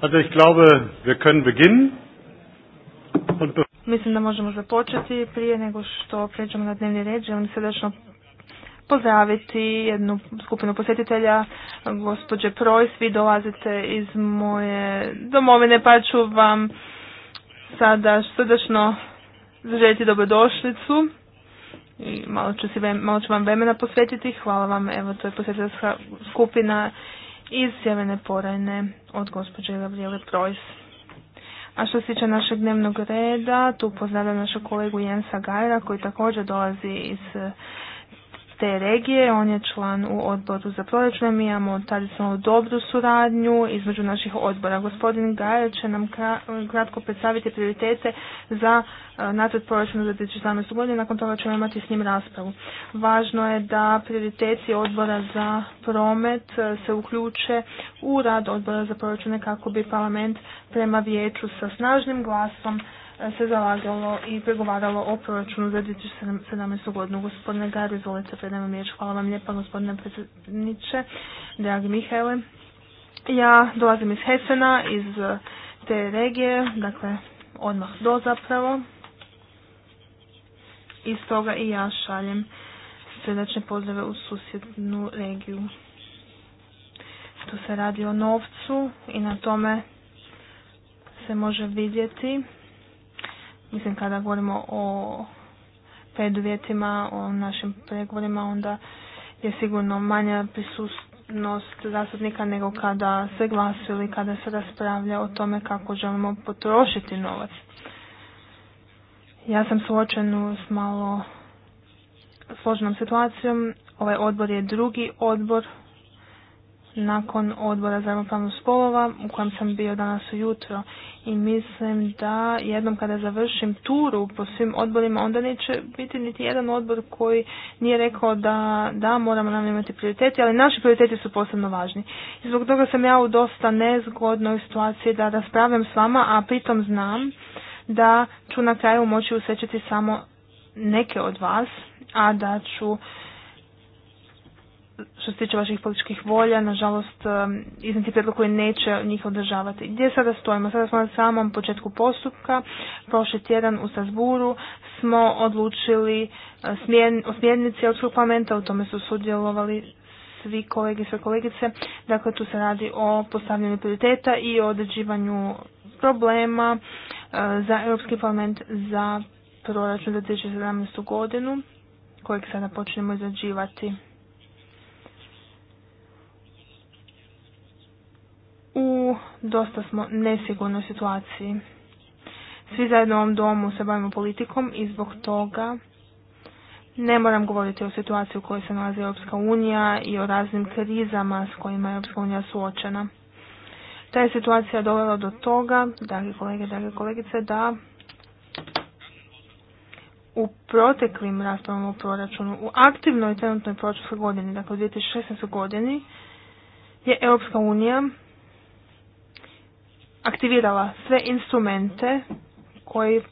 Also ich glaube, wir können beginnen. Und Mislim da možemo započeti prije nego što pređemo na dnevni red. Želim srdečno pozdraviti jednu skupinu posjetitelja, gospođe Projs. Vi dolazite iz moje domovine pa ću vam sada srdečno zaželjeti dobrodošlicu. I malo ću, si, malo ću vam vremena posvetiti. Hvala vam, evo to je posjetiteljska skupina iz Sjeverne Porajne od gospođe Gabriele Projs. A što se tiče našeg dnevnog reda, tu pozdravljam našu kolegu Jensa Gajra koji također dolazi iz te regije, on je član u odboru za proračune, mi imamo tradicionalnu dobru suradnju između naših odbora. Gospodin Gajer će nam kratko predstaviti prioritete za e, nacrt proračuna za 2017. godinu, nakon toga ćemo imati s njim raspravu. Važno je da prioriteti odbora za promet e, se uključe u rad odbora za proračune kako bi parlament prema vijeću sa snažnim glasom se zalagalo i pregovaralo o proračunu za 2017. godinu. Gospodine Gar, izvolite, predajem vam riječ. Hvala vam lijepa, gospodine predsjedniče, dragi Mihajle. Ja dolazim iz Hesena, iz te regije, dakle, odmah do zapravo. I stoga i ja šaljem srdačne pozdrave u susjednu regiju. Tu se radi o novcu i na tome se može vidjeti Mislim, kada govorimo o preduvjetima, o našim pregovorima, onda je sigurno manja prisutnost zastupnika nego kada se glasuje, ili kada se raspravlja o tome kako želimo potrošiti novac. Ja sam suočen s malo složenom situacijom. Ovaj odbor je drugi odbor nakon odbora za ravnopravnost spolova u kojem sam bio danas ujutro i mislim da jednom kada završim turu po svim odborima onda neće biti niti jedan odbor koji nije rekao da, da moramo nam imati prioriteti, ali naši prioriteti su posebno važni. I zbog toga sam ja u dosta nezgodnoj situaciji da raspravljam s vama, a pritom znam da ću na kraju moći usjećati samo neke od vas, a da ću što se tiče vaših političkih volja, nažalost, um, iznijeti prijedlog koji neće njih održavati. Gdje sada stojimo? Sada smo na samom početku postupka. Prošli tjedan u Sazburu smo odlučili uh, o smjernici Europskog parlamenta, u tome su sudjelovali svi kolege i sve kolegice. Dakle, tu se radi o postavljanju prioriteta i o određivanju problema uh, za Europski parlament za proračun za 2017. godinu kojeg sada počnemo izrađivati. u dosta smo nesigurnoj situaciji. Svi zajedno u ovom domu se bavimo politikom i zbog toga ne moram govoriti o situaciji u kojoj se nalazi Europska unija i o raznim krizama s kojima je Europska unija suočena. Ta je situacija dovela do toga, dragi kolege, drage kolegice, da u proteklim raspravama u proračunu, u aktivnoj trenutnoj proračunskoj godini, dakle u 2016. godini, je Europska unija aktivirala sve instrumente koji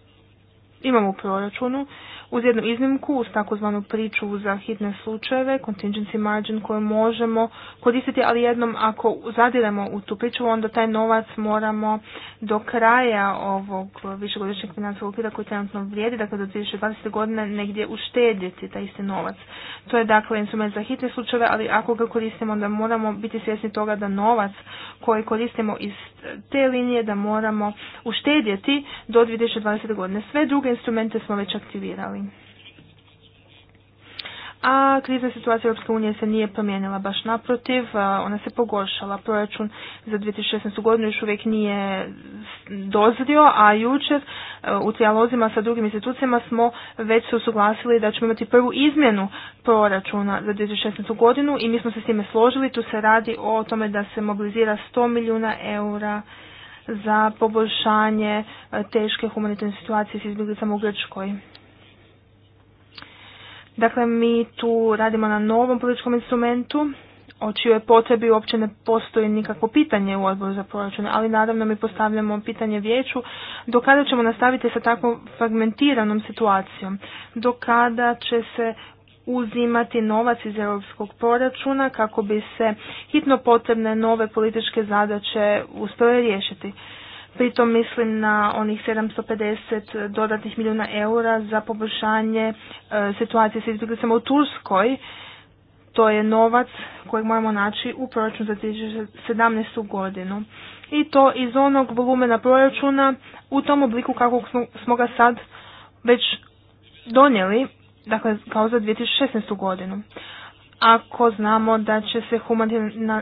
imamo u proračunu uz jednu iznimku, uz takozvanu priču za hitne slučajeve, contingency margin koju možemo koristiti, ali jednom ako zadiremo u tu priču, onda taj novac moramo do kraja ovog višegodišnjeg financijskog okvira koji trenutno vrijedi, dakle do 2020. godine negdje uštedjeti taj isti novac. To je dakle instrument za hitne slučajeve, ali ako ga koristimo, onda moramo biti svjesni toga da novac koji koristimo iz te linije da moramo uštedjeti do 2020. godine. Sve druge instrumente smo već aktivirali a krizna situacija Europske unije se nije promijenila baš naprotiv, ona se pogoršala. Proračun za 2016. godinu još uvijek nije dozrio, a jučer e, u trijalozima sa drugim institucijama smo već se usuglasili da ćemo imati prvu izmjenu proračuna za 2016. godinu i mi smo se s time složili. Tu se radi o tome da se mobilizira 100 milijuna eura za poboljšanje e, teške humanitarne situacije s izbjeglicama u Grčkoj. Dakle, mi tu radimo na novom političkom instrumentu, o čijoj potrebi uopće ne postoji nikakvo pitanje u odboru za proračun, ali naravno mi postavljamo pitanje vijeću do kada ćemo nastaviti sa takvom fragmentiranom situacijom, do kada će se uzimati novac iz europskog proračuna kako bi se hitno potrebne nove političke zadaće uspjele riješiti. Pritom mislim na onih 750 dodatnih milijuna eura za poboljšanje e, situacije sa izbjeglicama u Turskoj. To je novac kojeg moramo naći u proračunu za 2017. godinu. I to iz onog volumena proračuna u tom obliku kako smo ga sad već donijeli, dakle kao za 2016. godinu ako znamo da će se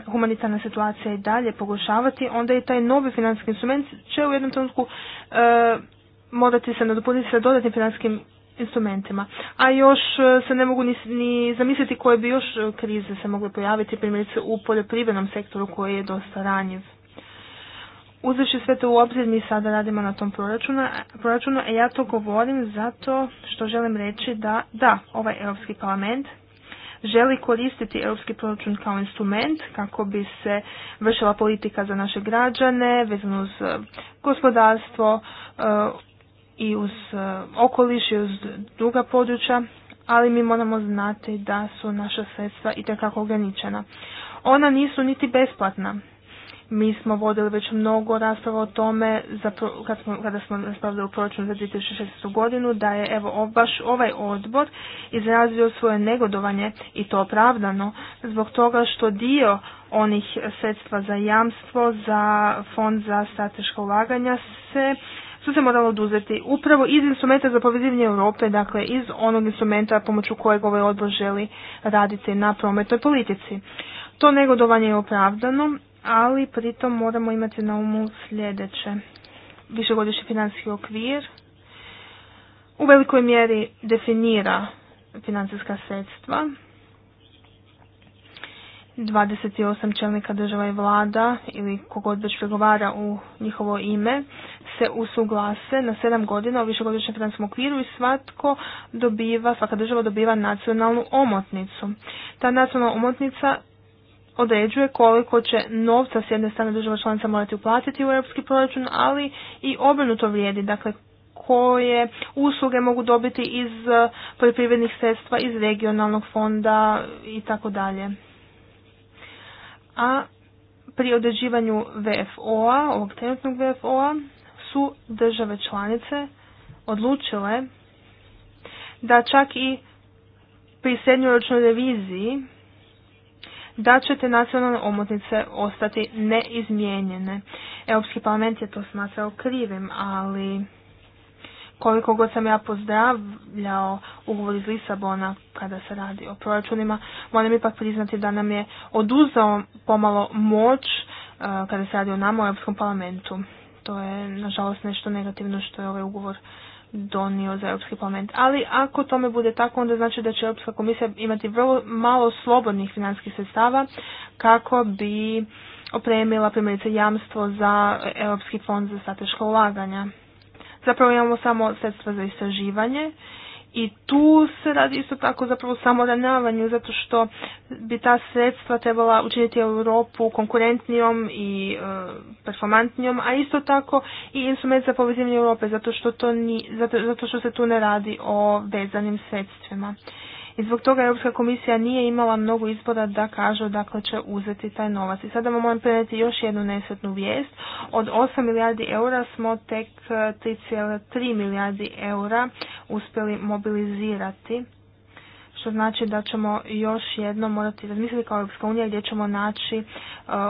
humanitarna situacija i dalje pogoršavati, onda i taj novi financijski instrument će u jednom trenutku e, morati se nadopuniti sa dodatnim financijskim instrumentima. A još e, se ne mogu ni, ni zamisliti koje bi još e, krize se mogle pojaviti, primjerice u poljoprivrednom sektoru koji je dosta ranjiv. Uzeći sve to u obzir, mi sada radimo na tom proračunu, proračunu, a ja to govorim zato što želim reći da, da, ovaj Europski parlament želi koristiti europski proračun kao instrument kako bi se vršila politika za naše građane vezano uz e, gospodarstvo e, i uz e, okoliš i uz druga područja, ali mi moramo znati da su naša sredstva itekako ograničena. Ona nisu niti besplatna. Mi smo vodili već mnogo rasprava o tome za, kad smo, kada smo raspravljali u proračunu za 2016. godinu da je evo baš ovaj odbor izrazio svoje negodovanje i to opravdano zbog toga što dio onih sredstva za jamstvo, za fond za strateška ulaganja se su se moralo oduzeti upravo iz instrumenta za povezivanje Europe, dakle iz onog instrumenta pomoću kojeg ovaj odbor želi raditi na prometnoj politici. To negodovanje je opravdano ali pritom moramo imati na umu sljedeće. Višegodišnji financijski okvir u velikoj mjeri definira financijska sredstva. 28 čelnika država i vlada ili kogod već pregovara u njihovo ime se usuglase na 7 godina u višegodišnjem financijskom okviru i svatko dobiva, svaka država dobiva nacionalnu omotnicu. Ta nacionalna omotnica određuje koliko će novca s jedne strane država članica morati uplatiti u europski proračun, ali i obrnuto vrijedi, dakle koje usluge mogu dobiti iz eh, poljoprivrednih sredstva, iz regionalnog fonda i tako dalje. A pri određivanju VFO-a, ovog trenutnog VFO-a, su države članice odlučile da čak i pri srednjoročnoj reviziji da će te nacionalne omotnice ostati neizmijenjene. Europski parlament je to smatrao krivim, ali koliko god sam ja pozdravljao ugovor iz Lisabona kada se radi o proračunima, moram ipak priznati da nam je oduzao pomalo moć eh, kada se radi o nama u Europskom parlamentu. To je nažalost nešto negativno što je ovaj ugovor donio za Europski parlament. Ali ako tome bude tako, onda znači da će Europska komisija imati vrlo malo slobodnih financijskih sredstava kako bi opremila primjerice jamstvo za Europski fond za strateška ulaganja. Zapravo imamo samo sredstva za istraživanje i tu se radi isto tako zapravo ranavanju, zato što bi ta sredstva trebala učiniti Europu konkurentnijom i e, performantnijom, a isto tako i instrument za povezivanje Europe, zato što, to ni, zato, zato što se tu ne radi o vezanim sredstvima. I zbog toga Europska komisija nije imala mnogo izbora da kaže odakle će uzeti taj novac. I sada vam moram prenijeti još jednu nesretnu vijest. Od 8 milijardi eura smo tek 3,3 e, milijardi eura uspjeli mobilizirati što znači da ćemo još jedno morati razmisliti kao Europska unija gdje ćemo naći e,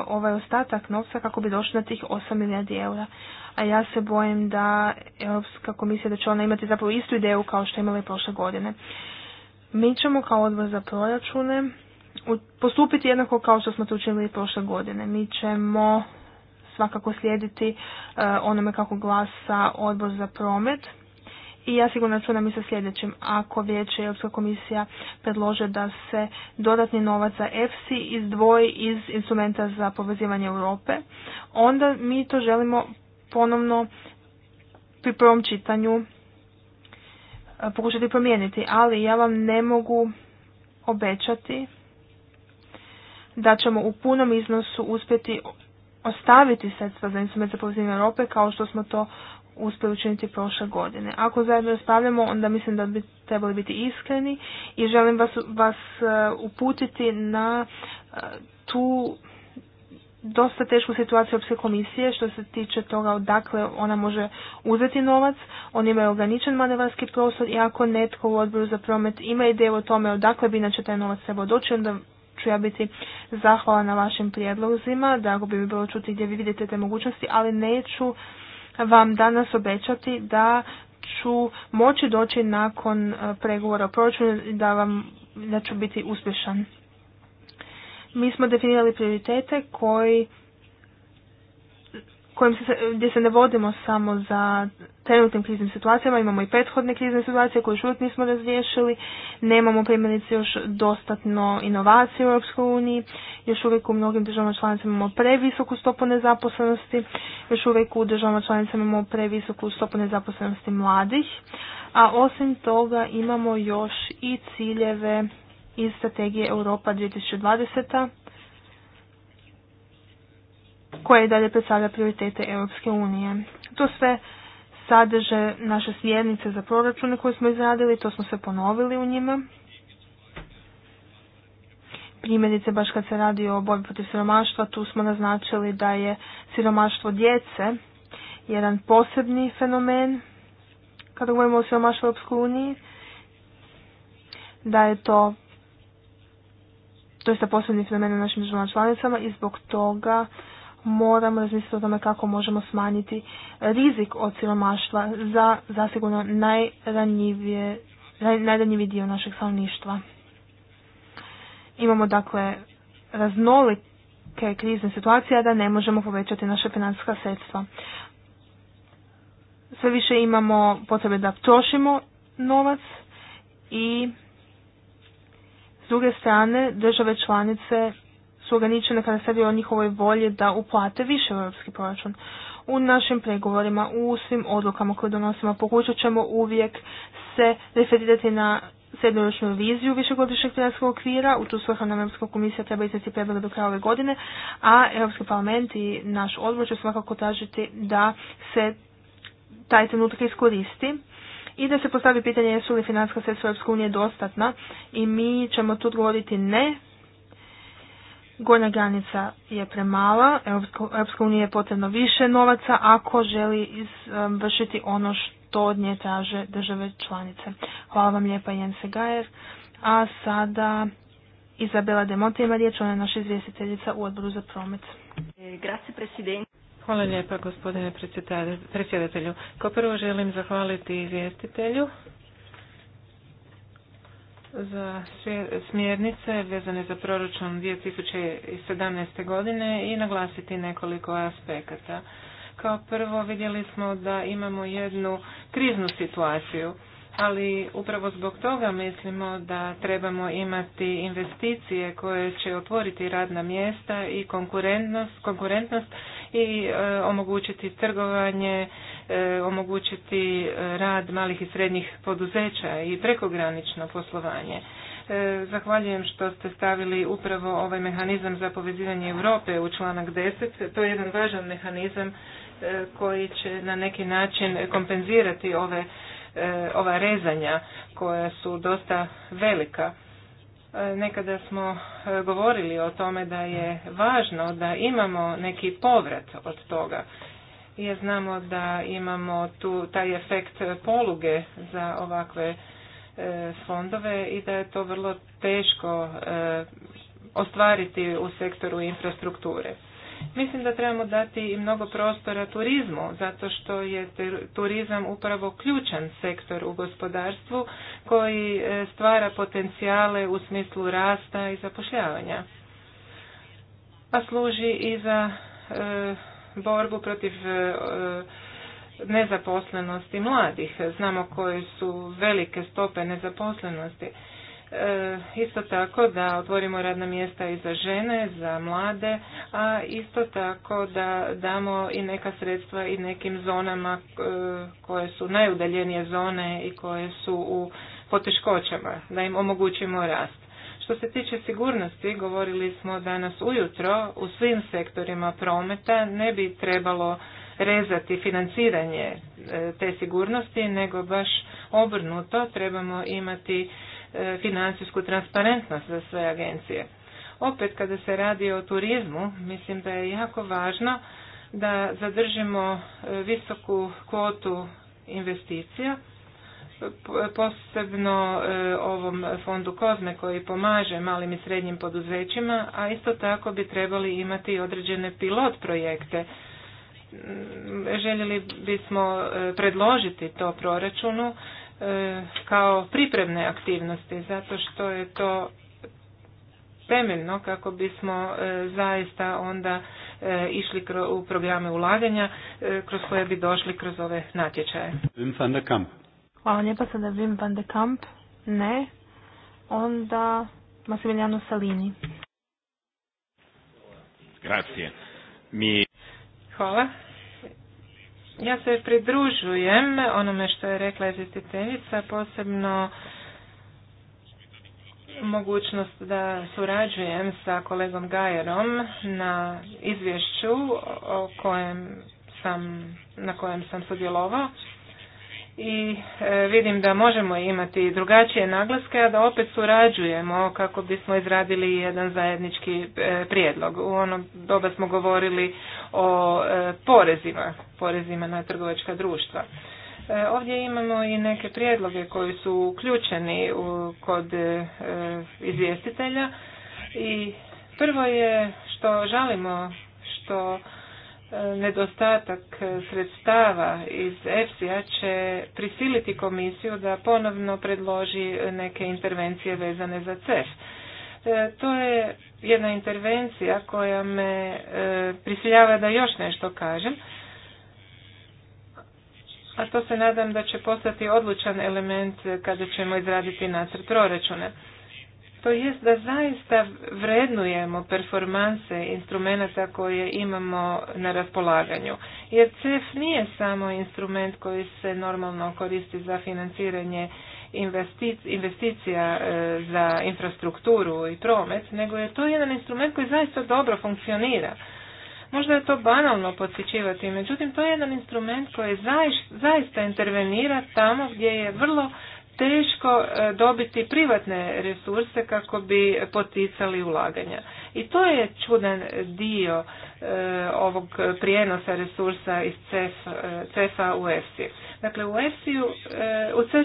ovaj ostatak novca kako bi došli na tih 8 milijardi eura. A ja se bojim da Europska komisija da će ona imati zapravo istu ideju kao što imala i prošle godine. Mi ćemo kao odbor za proračune postupiti jednako kao što smo to učinili prošle godine. Mi ćemo svakako slijediti e, onome kako glasa odbor za promet. I ja sigurno računam i sa sljedećim. Ako vijeće Europska komisija predlože da se dodatni novac za EFSI izdvoji iz instrumenta za povezivanje Europe, onda mi to želimo ponovno pri prvom čitanju pokušati promijeniti, ali ja vam ne mogu obećati da ćemo u punom iznosu uspjeti ostaviti sredstva za instrument za Europe kao što smo to uspjeli učiniti prošle godine. Ako zajedno ostavljamo onda mislim da bi trebali biti iskreni i želim vas, vas e, uputiti na e, tu dosta tešku situaciju opske komisije što se tiče toga odakle ona može uzeti novac. Oni imaju ograničen manevarski prostor i ako netko u odboru za promet ima ideju o tome odakle bi inače taj novac trebao doći, onda ću ja biti zahvala na vašim prijedlozima. Drago bi mi bilo čuti gdje vi vidite te mogućnosti, ali neću vam danas obećati da ću moći doći nakon eh, pregovora o proračunu da vam da ću biti uspješan mi smo definirali prioritete koji kojim se, gdje se ne vodimo samo za trenutnim kriznim situacijama, imamo i prethodne krizne situacije koje još uvijek nismo razriješili, nemamo primjerice još dostatno inovacije u Europskoj uniji, još uvijek u mnogim državama članicama imamo previsoku stopu nezaposlenosti, još uvijek u državama članicama imamo previsoku stopu nezaposlenosti mladih, a osim toga imamo još i ciljeve iz strategije Europa 2020 koje i dalje predstavlja prioritete Europske unije. To sve sadrže naše smjernice za proračune koje smo izradili, to smo se ponovili u njima. Primjerice, baš kad se radi o borbi protiv siromaštva, tu smo naznačili da je siromaštvo djece jedan posebni fenomen kada govorimo o siromaštvu u Europskoj uniji, da je to sa posebnih vremena našim državama članicama i zbog toga moramo razmisliti o tome kako možemo smanjiti rizik od siromaštva za zasigurno najranjivije, najranjiviji dio našeg stanovništva. Imamo dakle raznolike krizne situacije, da ne možemo povećati naše financijska sredstva. Sve više imamo potrebe da trošimo novac i s druge strane, države članice su ograničene kada se radi o njihovoj volji da uplate više u europski proračun. U našim pregovorima, u svim odlukama koje donosimo, pokušat ćemo uvijek se referirati na srednjoročnu viziju višegodišnjeg financijskog okvira. U tu svrhu nam Europska komisija treba izvesti do kraja ove godine, a Europski parlament i naš odbor će svakako tražiti da se taj trenutak iskoristi i da se postavi pitanje jesu li financijska sredstva Europske unije dostatna i mi ćemo tu odgovoriti ne. Gornja granica je premala, Europska unija je potrebno više novaca ako želi izvršiti ono što od nje traže države članice. Hvala vam lijepa Jense Gajer. A sada Izabela Demonte ima riječ, ona je naša izvjestiteljica u odboru za promet. Grazie Presidente. Hvala lijepa gospodine predsjedatelju. Kao prvo želim zahvaliti izvjestitelju za smjernice vezane za proračun 2017. godine i naglasiti nekoliko aspekata. Kao prvo vidjeli smo da imamo jednu kriznu situaciju, ali upravo zbog toga mislimo da trebamo imati investicije koje će otvoriti radna mjesta i konkurentnost, konkurentnost i e, omogućiti trgovanje, e, omogućiti e, rad malih i srednjih poduzeća i prekogranično poslovanje. Zahvaljujem što ste stavili upravo ovaj mehanizam za povezivanje Europe u članak 10. To je jedan važan mehanizam koji će na neki način kompenzirati ove ova rezanja koja su dosta velika Nekada smo e, govorili o tome da je važno da imamo neki povrat od toga jer znamo da imamo tu taj efekt poluge za ovakve e, fondove i da je to vrlo teško e, ostvariti u sektoru infrastrukture. Mislim da trebamo dati i mnogo prostora turizmu, zato što je turizam upravo ključan sektor u gospodarstvu koji e, stvara potencijale u smislu rasta i zapošljavanja. A služi i za e, borbu protiv e, nezaposlenosti mladih. Znamo koje su velike stope nezaposlenosti. E, isto tako da otvorimo radna mjesta i za žene, za mlade, a isto tako da damo i neka sredstva i nekim zonama e, koje su najudaljenije zone i koje su u poteškoćama, da im omogućimo rast. Što se tiče sigurnosti, govorili smo danas ujutro, u svim sektorima prometa ne bi trebalo rezati financiranje e, te sigurnosti, nego baš obrnuto trebamo imati financijsku transparentnost za sve agencije. Opet kada se radi o turizmu, mislim da je jako važno da zadržimo e, visoku kvotu investicija, posebno e, ovom fondu Kozme koji pomaže malim i srednjim poduzećima, a isto tako bi trebali imati određene pilot projekte. Mm, željeli bismo e, predložiti to proračunu E, kao pripremne aktivnosti zato što je to temeljno kako bismo e, zaista onda e, išli u programe ulaganja kroz koje bi došli kroz ove natječaje. Wim van de Kamp. Hvala lijepa sada Wim van de Kamp. Ne. Onda Salini. Grazie. Mi... Hvala. Ja se pridružujem onome što je rekla izvjestiteljica, posebno mogućnost da surađujem sa kolegom Gajerom na izvješću o kojem sam, na kojem sam sudjelovao i e, vidim da možemo imati drugačije naglaske, a da opet surađujemo kako bismo izradili jedan zajednički e, prijedlog. U onom doba smo govorili o e, porezima, porezima na trgovačka društva. E, ovdje imamo i neke prijedloge koji su uključeni kod e, izvjestitelja i prvo je što žalimo što nedostatak sredstava iz EPSI-a će prisiliti komisiju da ponovno predloži neke intervencije vezane za CEF. E, to je jedna intervencija koja me e, prisiljava da još nešto kažem. A to se nadam da će postati odlučan element kada ćemo izraditi nacrt proračuna. To jest da zaista vrednujemo performanse instrumenta koje imamo na raspolaganju. Jer CEF nije samo instrument koji se normalno koristi za financiranje investicija e, za infrastrukturu i promet, nego je to jedan instrument koji zaista dobro funkcionira. Možda je to banalno podsjećivati, međutim to je jedan instrument koji zaista intervenira tamo gdje je vrlo teško e, dobiti privatne resurse kako bi poticali ulaganja. I to je čudan dio e, ovog prijenosa resursa iz e, CEF-a u EFSI. Dakle, u EFSI-u,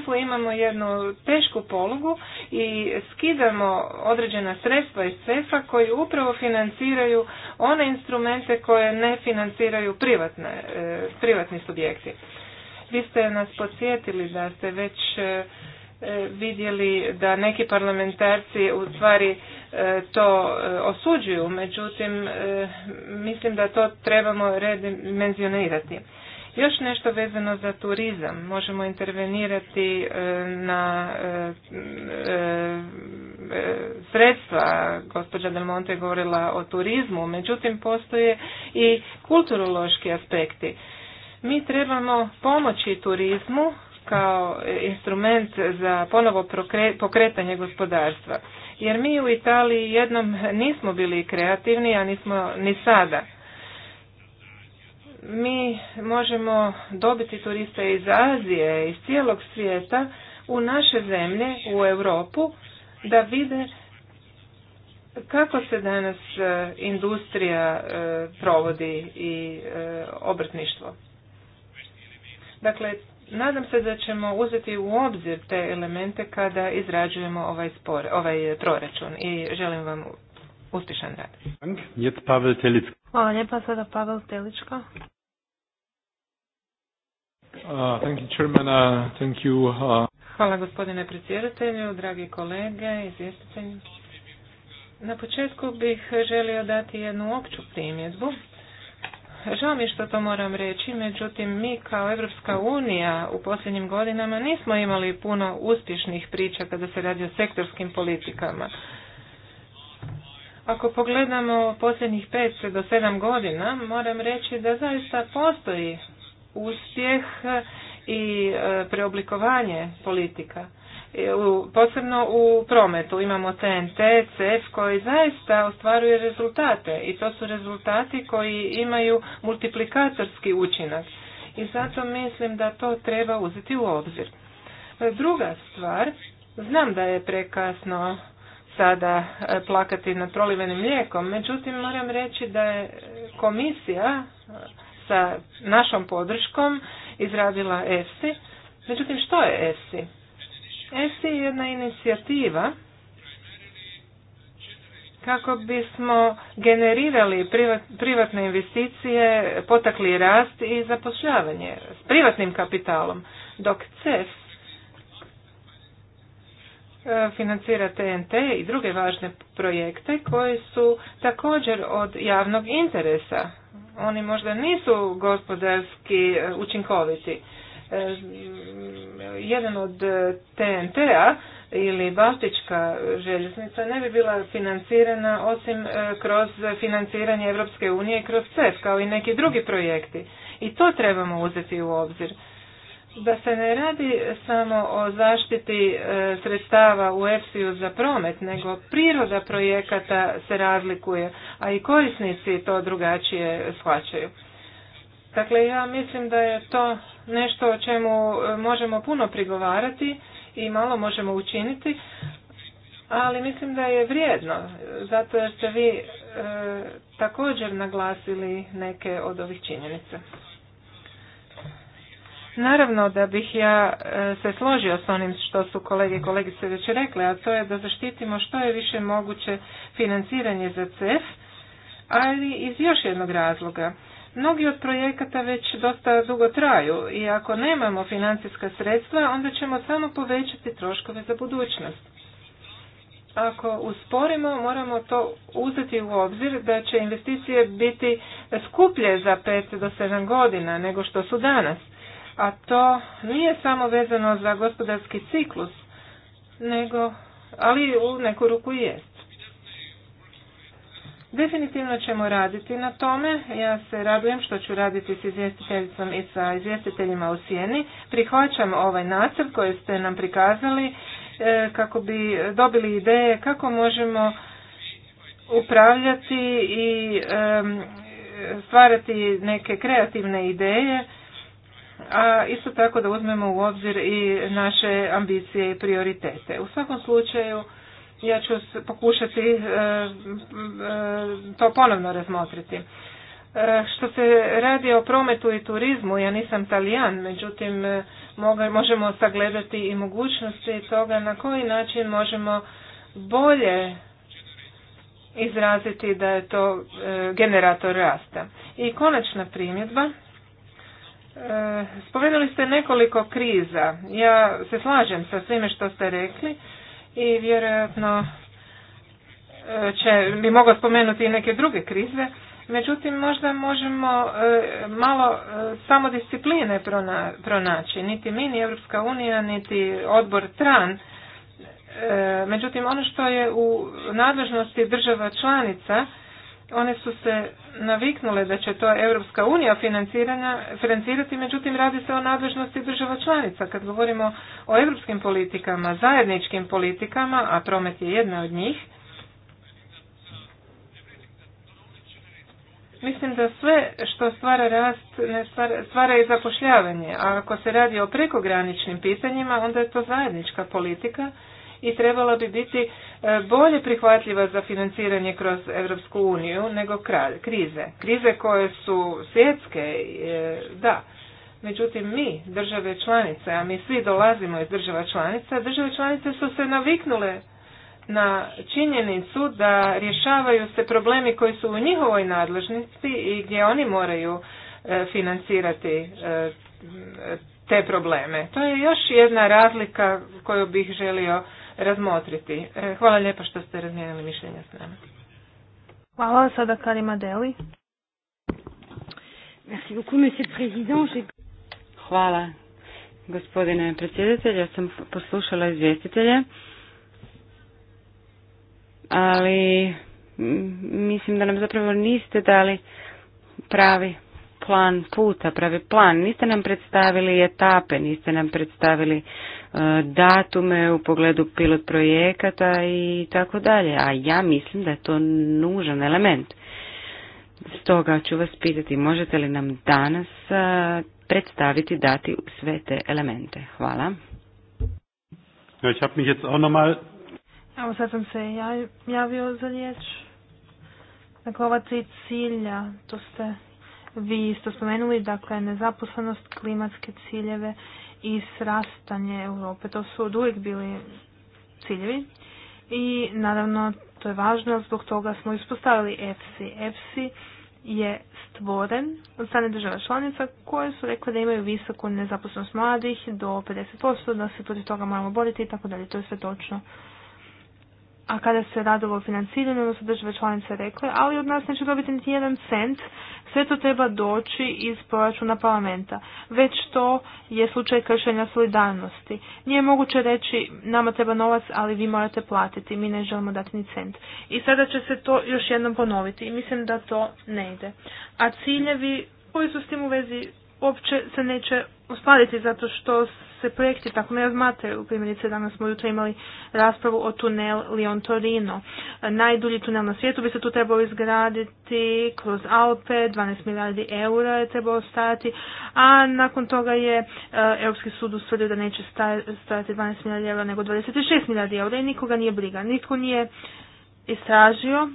u u imamo jednu tešku polugu i skidamo određena sredstva iz CEF-a koji upravo financiraju one instrumente koje ne financiraju privatne, privatni subjekti. Vi ste nas podsjetili da ste već e, e, vidjeli da neki parlamentarci u stvari e, to osuđuju, međutim mislim da to trebamo redimenzionirati. Još nešto vezano za turizam. Možemo intervenirati na sredstva. Gospođa Del Monte je govorila o turizmu, međutim postoje i kulturološki aspekti. Mi trebamo pomoći turizmu kao instrument za ponovo pokretanje gospodarstva. Jer mi u Italiji jednom nismo bili kreativni, a nismo ni sada. Mi možemo dobiti turiste iz Azije, iz cijelog svijeta u naše zemlje, u Europu, da vide kako se danas e, industrija e, provodi i e, obrtništvo. Dakle, nadam se da ćemo uzeti u obzir te elemente kada izrađujemo ovaj, spor, ovaj proračun i želim vam uspješan rad. Hvala lijepa, sada Pavel Teličko. Uh, thank you, chairman. Uh, thank you, uh, Hvala gospodine predsjedatelju, dragi kolege, izvjestitelji. Na početku bih želio dati jednu opću primjedbu Žao mi što to moram reći, međutim mi kao Evropska unija u posljednjim godinama nismo imali puno uspješnih priča kada se radi o sektorskim politikama. Ako pogledamo posljednjih 5 do 7 godina, moram reći da zaista postoji uspjeh i e, preoblikovanje politika. E, posebno u prometu. Imamo TNT, koji zaista ostvaruje rezultate i to su rezultati koji imaju multiplikatorski učinak i zato mislim da to treba uzeti u obzir. E, druga stvar, znam da je prekasno sada e, plakati nad prolivenim mlijekom, međutim moram reći da je komisija sa našom podrškom izradila ESI. Međutim, što je ESI? ESI je jedna inicijativa kako bismo generirali privatne investicije, potakli rast i zapošljavanje s privatnim kapitalom, dok CEF e, financira TNT i druge važne projekte koji su također od javnog interesa. Oni možda nisu gospodarski e, učinkoviti, E, jedan od e, TNT-a ili Baltička željeznica ne bi bila financirana osim e, kroz financiranje Europske unije i kroz CEF kao i neki drugi projekti. I to trebamo uzeti u obzir. Da se ne radi samo o zaštiti sredstava u EFSI-u za promet, nego priroda projekata se razlikuje, a i korisnici to drugačije shvaćaju. Dakle, ja mislim da je to nešto o čemu e, možemo puno prigovarati i malo možemo učiniti, ali mislim da je vrijedno, zato jer ste vi e, također naglasili neke od ovih činjenica. Naravno da bih ja e, se složio s onim što su kolege i kolegice već rekle, a to je da zaštitimo što je više moguće financiranje za CEF, ali iz još jednog razloga. Mnogi od projekata već dosta dugo traju i ako nemamo financijska sredstva, onda ćemo samo povećati troškove za budućnost. Ako usporimo, moramo to uzeti u obzir da će investicije biti skuplje za 5 do 7 godina nego što su danas. A to nije samo vezano za gospodarski ciklus, nego, ali u neku ruku jest. Definitivno ćemo raditi na tome. Ja se radujem što ću raditi s izvjestiteljicom i sa izvjestiteljima u Sjeni. Prihvaćam ovaj nacrt koji ste nam prikazali e, kako bi dobili ideje kako možemo upravljati i stvarati neke kreativne ideje, a isto tako da uzmemo u obzir i naše ambicije i prioritete. U svakom slučaju ja ću pokušati e, e, to ponovno razmotriti. E, što se radi o prometu i turizmu, ja nisam talijan, međutim možemo sagledati i mogućnosti toga na koji način možemo bolje izraziti da je to generator rasta. I konačna primjedba, spomenuli ste nekoliko kriza, ja se slažem sa svime što ste rekli, i vjerojatno e, će, bi mogao spomenuti i neke druge krize, međutim možda možemo e, malo e, samo discipline pronaći, niti mi, ni Europska unija, niti odbor TRAN, međutim ono što je u nadležnosti država članica one su se naviknule da će to Europska unija financirati, međutim radi se o nadležnosti država članica. Kad govorimo o europskim politikama, zajedničkim politikama, a promet je jedna od njih, Mislim da sve što stvara rast ne stvara, stvara i zapošljavanje, a ako se radi o prekograničnim pitanjima, onda je to zajednička politika i trebala bi biti e, bolje prihvatljiva za financiranje kroz Europsku uniju nego krize. Krize koje su svjetske, e, da. Međutim, mi, države članice, a mi svi dolazimo iz država članica, države članice su se naviknule na činjenicu da rješavaju se problemi koji su u njihovoj nadležnosti i gdje oni moraju e, financirati te probleme. To je još jedna razlika koju bih želio razmotriti. E, hvala lijepo što ste razmijenili mišljenja s nama. Hvala, sada Karima Deli. Hvala, gospodine predsjedatelju. Ja sam poslušala izvjestitelje, ali mislim da nam zapravo niste dali pravi plan puta, pravi plan. Niste nam predstavili etape, niste nam predstavili E, datume u pogledu pilot projekata i tako dalje, a ja mislim da je to nužan element. Stoga ću vas pitati, možete li nam danas e, predstaviti, dati sve te elemente? Hvala. Ja, ich mich jetzt auch Evo sad sam se ja, javio za riječ. Dakle, ova tri cilja, to ste vi isto spomenuli, dakle, nezaposlenost, klimatske ciljeve i srastanje Europe. To su od uvijek bili ciljevi i naravno to je važno, zbog toga smo ispostavili EFSI. EFSI je stvoren od strane država članica koje su rekle da imaju visoku nezaposlenost mladih do 50%, da se protiv toga moramo boriti i tako dalje. To je sve točno a kada se radilo o financiranju, onda su države članice rekle, ali od nas neće dobiti niti jedan cent, sve to treba doći iz proračuna parlamenta. Već to je slučaj kršenja solidarnosti. Nije moguće reći, nama treba novac, ali vi morate platiti, mi ne želimo dati ni cent. I sada će se to još jednom ponoviti i mislim da to ne ide. A ciljevi koji su s tim u vezi uopće se neće ostvariti zato što se projekti tako ne razmatraju. Primjerice danas smo jutro imali raspravu o tunel Lion Torino. Najdulji tunel na svijetu bi se tu trebao izgraditi kroz Alpe, 12 milijardi eura je trebao stajati, a nakon toga je e, Europski sud ustvrdio da neće stajati 12 milijardi eura nego 26 milijardi eura i nikoga nije briga. Nitko nije istražio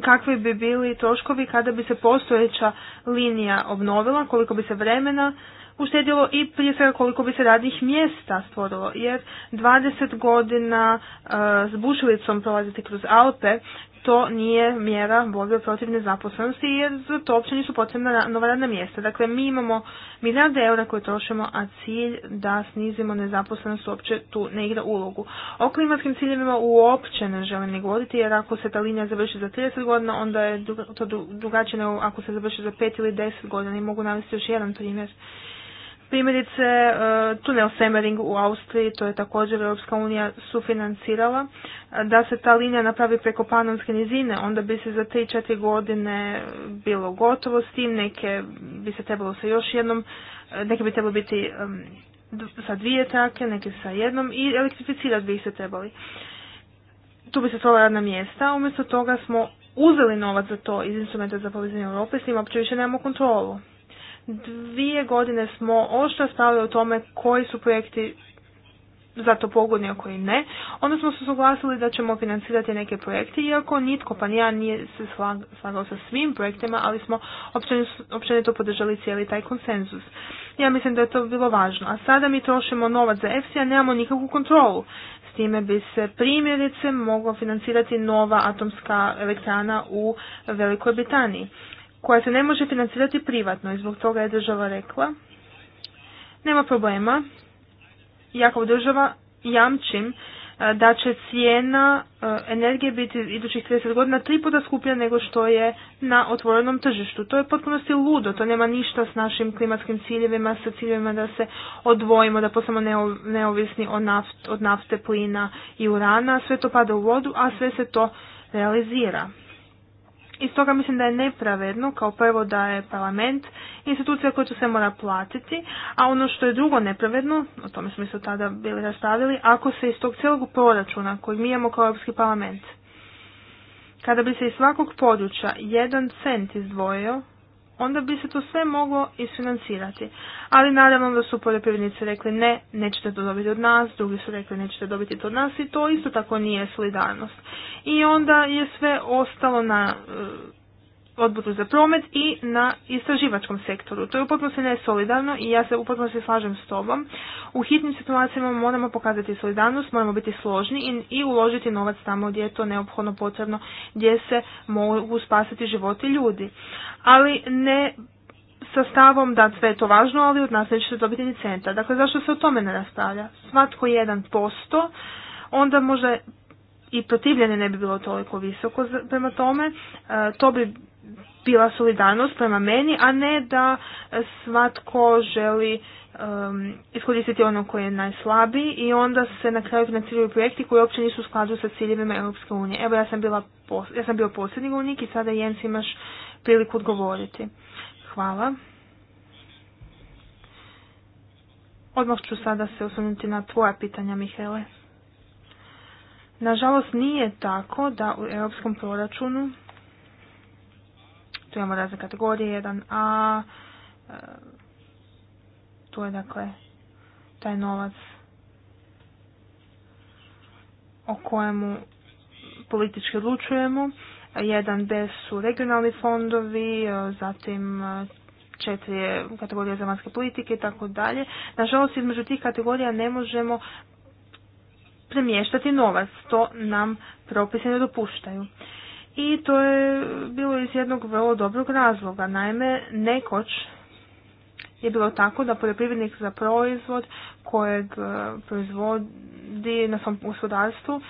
kakvi bi bili troškovi kada bi se postojeća linija obnovila, koliko bi se vremena uštedilo i prije svega koliko bi se radnih mjesta stvorilo, jer 20 godina e, s bušilicom prolaziti kroz Alpe, to nije mjera borbe protiv nezaposlenosti jer za to uopće nisu potrebna nova radna mjesta. Dakle, mi imamo milijarde eura koje trošimo, a cilj da snizimo nezaposlenost uopće tu ne igra ulogu. O klimatskim ciljevima uopće ne želim ni govoriti jer ako se ta linija završi za 30 godina, onda je to drugačije ako se završi za 5 ili 10 godina. I mogu navesti još jedan primjer Primjerice, e, tunel Semering u Austriji, to je također Europska unija sufinancirala. Da se ta linija napravi preko panonske nizine, onda bi se za 3-4 godine bilo gotovo s tim, neke bi se trebalo sa još jednom, e, neke bi trebalo biti sa dvije trake, neke sa jednom i elektrificirati bi ih se trebali. Tu bi se stvorila radna mjesta, umjesto toga smo uzeli novac za to iz instrumenta za povezanje Europe, s tim uopće više nemamo kontrolu. Dvije godine smo ošto stavili o tome koji su projekti za to pogodni, ako i ne. Onda smo se suglasili da ćemo financirati neke projekte, iako nitko, pa ja nije se slagao sa svim projektima, ali smo općenito podržali cijeli taj konsenzus. Ja mislim da je to bilo važno. A sada mi trošimo novac za EFSI, a nemamo nikakvu kontrolu. S time bi se primjerice moglo financirati nova atomska elektrana u Velikoj Britaniji koja se ne može financirati privatno i zbog toga je država rekla nema problema, ja kao država jamčim e, da će cijena e, energije biti idućih 30 godina tri puta skuplja nego što je na otvorenom tržištu. To je potpunosti ludo, to nema ništa s našim klimatskim ciljevima, sa ciljevima da se odvojimo, da postamo neovisni od nafte, plina i urana. Sve to pada u vodu, a sve se to realizira. I stoga mislim da je nepravedno kao prvo da je parlament institucija koja će se mora platiti, a ono što je drugo nepravedno, o tome smo isto tada bili rastavili, ako se iz tog cijelog proračuna koji mi imamo kao Europski parlament, kada bi se iz svakog područja jedan cent izdvojio onda bi se to sve moglo isfinancirati. Ali naravno da su poljoprivrednici rekli ne, nećete to dobiti od nas, drugi su rekli nećete dobiti to od nas i to isto tako nije solidarnost. I onda je sve ostalo na odboru za promet i na istraživačkom sektoru. To je upotpuno se nesolidarno i ja se upotpuno se slažem s tobom. U hitnim situacijama moramo pokazati solidarnost, moramo biti složni i, i uložiti novac tamo gdje je to neophodno potrebno, gdje se mogu spasiti životi ljudi. Ali ne sa stavom da sve je to važno, ali od nas nećete dobiti ni centa. Dakle, zašto se o tome ne raspravlja? Svatko jedan posto, onda možda i protivljenje ne bi bilo toliko visoko prema tome. E, to bi bila solidarnost prema meni, a ne da svatko želi um, iskoristiti ono koje je najslabiji i onda se na kraju financiraju projekti koji uopće nisu u skladu sa ciljevima Europske unije. Evo ja sam, bila ja sam bio posljednji govornik i sada Jens imaš priliku odgovoriti. Hvala. Odmah ću sada se osvrnuti na tvoja pitanja, Mihele. Nažalost nije tako da u europskom proračunu tu imamo razne kategorije, 1a, e, tu je dakle taj novac o kojemu politički odlučujemo. jedan b su regionalni fondovi, e, zatim e, četiri je kategorija za politike i tako dalje. Nažalost, između tih kategorija ne možemo premještati novac, to nam propise ne dopuštaju. I to je bilo iz jednog vrlo dobrog razloga. Naime, nekoć je bilo tako da poljoprivrednik za proizvod kojeg e, proizvodi na svom gospodarstvu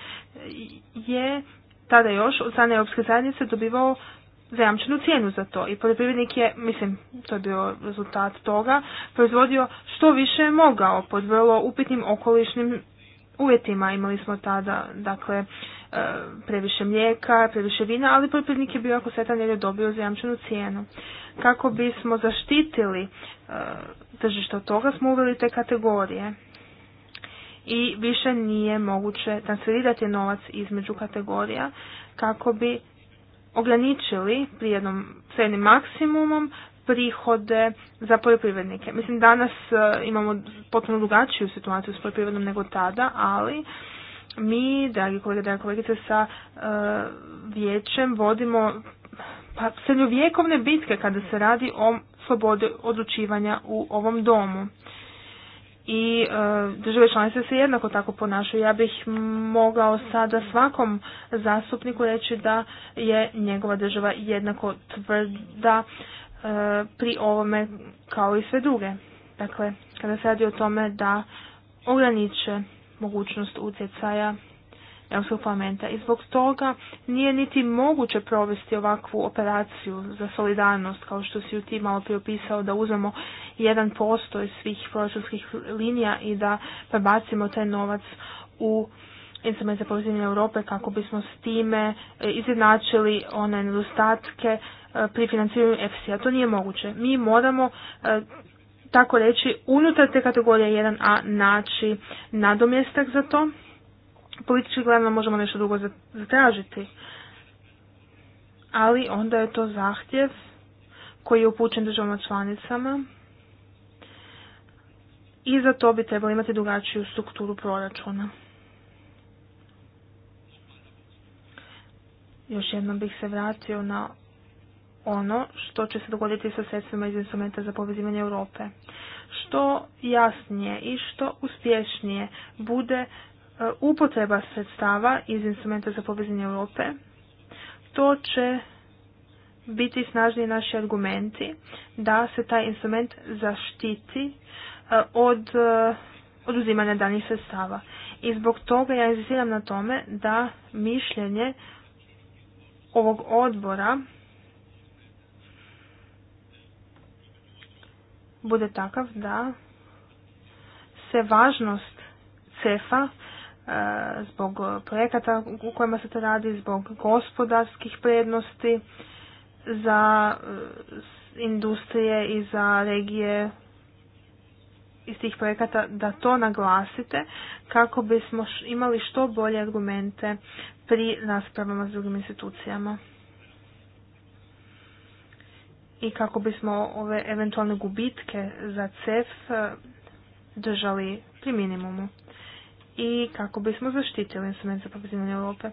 je tada još od strane Europske zajednice dobivao zajamčenu cijenu za to. I poljoprivrednik je, mislim, to je bio rezultat toga, proizvodio što više je mogao pod vrlo upitnim okolišnim uvjetima. Imali smo tada, dakle, E, previše mlijeka, previše vina, ali poljoprivrednik je bio ako sretan jer je dobio zajamčenu cijenu. Kako bismo zaštitili e, tržište od toga smo uveli te kategorije i više nije moguće transferirati novac između kategorija kako bi ograničili pri jednom maksimumom prihode za poljoprivrednike. Mislim, danas e, imamo potpuno drugačiju situaciju s poljoprivrednom nego tada, ali mi, dragi kolege, dragi kolegice, sa uh, vijećem vodimo pa, srednjovjekovne bitke kada se radi o slobodi odlučivanja u ovom domu. I e, države članice se jednako tako ponašaju. Ja bih mogao sada svakom zastupniku reći da je njegova država jednako tvrda e, pri ovome kao i sve druge. Dakle, kada se radi o tome da ograniče mogućnost utjecaja Europskog parlamenta i zbog toga nije niti moguće provesti ovakvu operaciju za solidarnost kao što si u ti malo priopisao da uzmemo 1% iz svih proračunskih linija i da prebacimo taj novac u instrument za povezanje Europe kako bismo s time e, izjednačili one nedostatke e, pri financiranju EFSI-a. To nije moguće. Mi moramo e, tako reći unutar te kategorije 1a naći nadomjestak za to. Politički gledano možemo nešto drugo zatražiti. Ali onda je to zahtjev koji je upućen državama članicama i za to bi trebalo imati drugačiju strukturu proračuna. Još jednom bih se vratio na ono što će se dogoditi sa sredstvima iz instrumenta za povezivanje Europe. Što jasnije i što uspješnije bude e, upotreba sredstava iz instrumenta za povezivanje Europe, to će biti snažniji naši argumenti da se taj instrument zaštiti e, od e, oduzimanja danih sredstava. I zbog toga ja insistiram na tome da mišljenje ovog odbora bude takav da se važnost cefa e, zbog projekata u kojima se to radi, zbog gospodarskih prednosti za e, industrije i za regije iz tih projekata da to naglasite kako bismo imali što bolje argumente pri raspravama s drugim institucijama i kako bismo ove eventualne gubitke za CEF eh, držali pri minimumu i kako bismo zaštitili instrument za povezivanje Europe.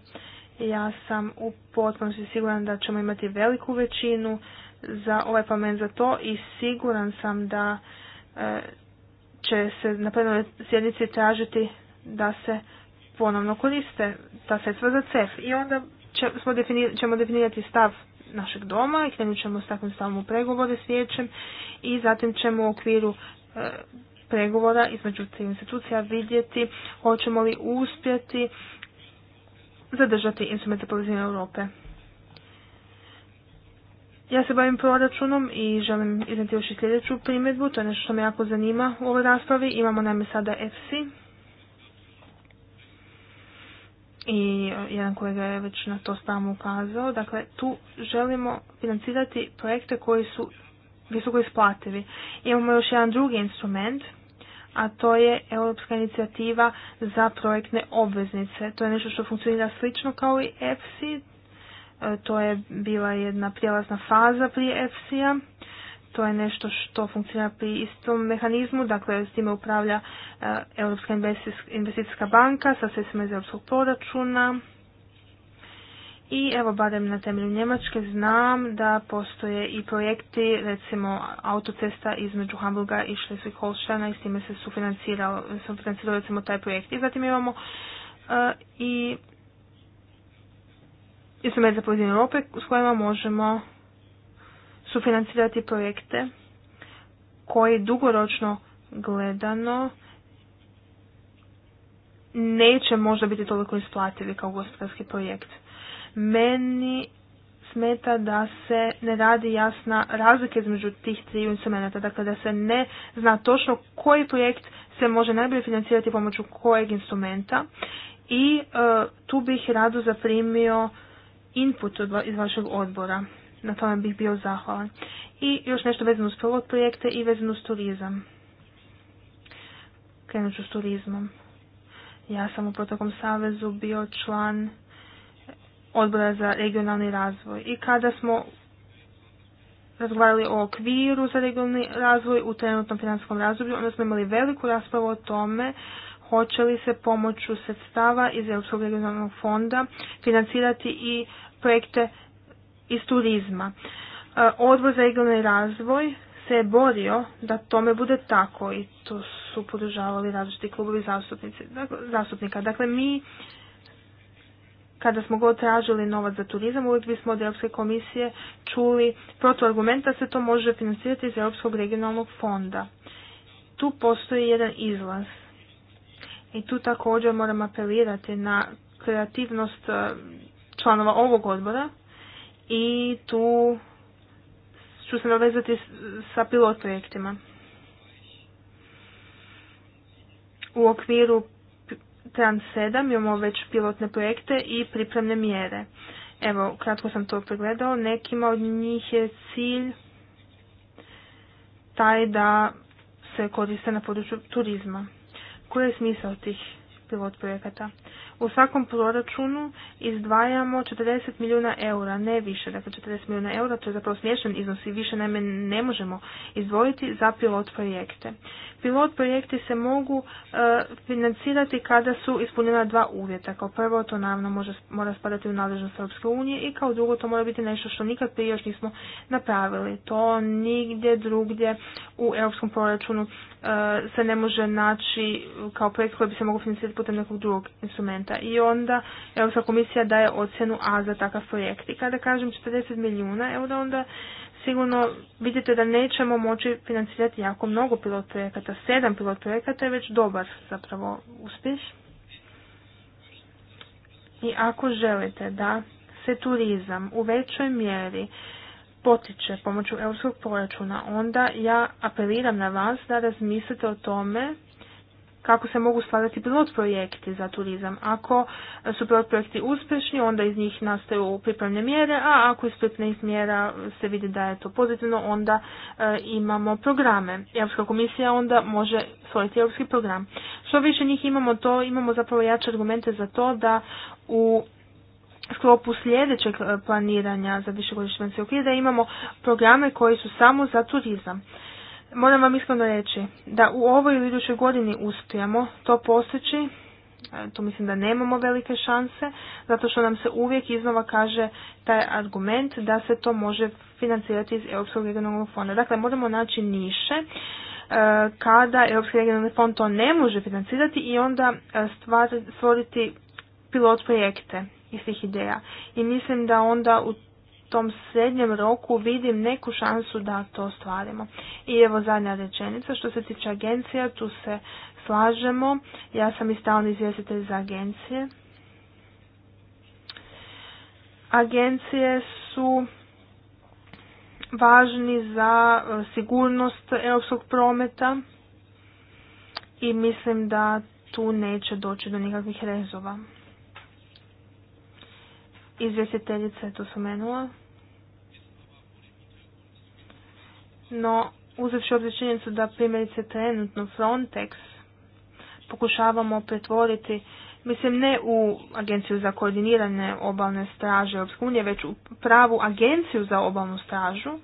Ja sam u potpunosti siguran da ćemo imati veliku većinu za ovaj parlament za to i siguran sam da eh, će se na plenarnoj sjednici tražiti da se ponovno koriste ta sredstva za CEF i onda ćemo definirati stav našeg doma i krenut ćemo s takvim stavom u pregovore s vijećem i zatim ćemo u okviru e, pregovora između te institucija vidjeti hoćemo li uspjeti zadržati instrumente polizine Europe. Ja se bavim proračunom i želim iznijeti još i sljedeću primjedbu, to je nešto što me jako zanima u ovoj raspravi. Imamo naime sada EFSI, i e, jedan kolega je već na to samo ukazao. Dakle, tu želimo financirati projekte koji su visoko isplativi. Imamo još jedan drugi instrument, a to je Europska inicijativa za projektne obveznice. To je nešto što funkcionira slično kao i EFSI. E, to je bila jedna prijelazna faza prije EFSI-a to je nešto što funkcionira pri istom mehanizmu, dakle s time upravlja eh, Europska investicijska banka sa sredstvima iz europskog proračuna. I evo, barem na temelju Njemačke znam da postoje i projekti, recimo autocesta između Hamburga i Schleswig-Holsteina i s time se sufinancirao, recimo taj projekt. I zatim imamo eh, i instrument za pojedinu Europe s kojima možemo sufinancirati projekte koji dugoročno gledano neće možda biti toliko isplativi kao gospodarski projekt. Meni smeta da se ne radi jasna razlika između tih tri instrumenta, dakle da se ne zna točno koji projekt se može najbolje financirati pomoću kojeg instrumenta i e, tu bih rado zaprimio input iz vašeg odbora na tome bih bio zahvalan. I još nešto vezano uz prvog projekta i vezano uz turizam. Krenut ću s turizmom. Ja sam u protokom savezu bio član odbora za regionalni razvoj. I kada smo razgovarali o okviru za regionalni razvoj u trenutnom financijskom razdoblju, onda smo imali veliku raspravu o tome hoće li se pomoću sredstava iz Europskog regionalnog fonda financirati i projekte iz turizma. E, odbor za regionalni razvoj se je borio da tome bude tako i to su podržavali različiti klubovi dakle, zastupnika. Dakle, mi kada smo god tražili novac za turizam, uvijek bismo od Europske komisije čuli protuargument da se to može financirati iz Europskog regionalnog fonda. Tu postoji jedan izlaz. I tu također moram apelirati na kreativnost e, članova ovog odbora i tu ću se navezati sa pilot projektima. U okviru TRAN 7 imamo već pilotne projekte i pripremne mjere. Evo, kratko sam to pregledao. Nekima od njih je cilj taj da se koriste na području turizma. Koji je smisao tih pilot projekata? u svakom proračunu izdvajamo 40 milijuna eura, ne više. Dakle, 40 milijuna eura, to je zapravo smješan iznos i više ne možemo izdvojiti za pilot projekte. Pilot projekti se mogu e, financirati kada su ispunjena dva uvjeta. Kao prvo, to naravno mora spadati u nadležnost Europske unije i kao drugo, to mora biti nešto što nikad prije još nismo napravili. To nigdje drugdje u europskom proračunu e, se ne može naći kao projekt koji bi se mogu financirati putem nekog drugog instrumenta i onda Europska komisija daje ocjenu A za takav projekt. I kada kažem 40 milijuna eura, onda sigurno vidite da nećemo moći financirati jako mnogo pilot projekata. Sedam pilot projekata je već dobar zapravo uspjeh. I ako želite da se turizam u većoj mjeri potiče pomoću europskog proračuna, onda ja apeliram na vas da razmislite o tome kako se mogu stvarati pilot projekti za turizam. Ako su pilot projekti uspješni, onda iz njih nastaju pripremne mjere, a ako iz pripremnih mjera se vidi da je to pozitivno, onda e, imamo programe. Europska komisija onda može stvoriti europski program. Što više njih imamo, to imamo zapravo jače argumente za to da u sklopu sljedećeg e, planiranja za višegodišnje financijske okvire imamo programe koji su samo za turizam. Moram vam iskreno reći da u ovoj ili idućoj godini uspijemo to postići, e, tu mislim da nemamo velike šanse, zato što nam se uvijek iznova kaže taj argument da se to može financirati iz Europskog regionalnog fonda. Dakle, moramo naći niše e, kada Europski regionalni fond to ne može financirati i onda e, stvoriti pilot projekte iz tih ideja. I mislim da onda u tom srednjem roku vidim neku šansu da to ostvarimo. I evo zadnja rečenica, što se tiče agencija, tu se slažemo. Ja sam i stalni izvjestitelj za agencije. Agencije su važni za e, sigurnost europskog prometa i mislim da tu neće doći do nikakvih rezova. Izvjestiteljica je to spomenula. No, uzevši obzir činjenicu da primjerice trenutno Frontex pokušavamo pretvoriti, mislim ne u agenciju za koordinirane obalne straže EU, već u pravu agenciju za obalnu stražu,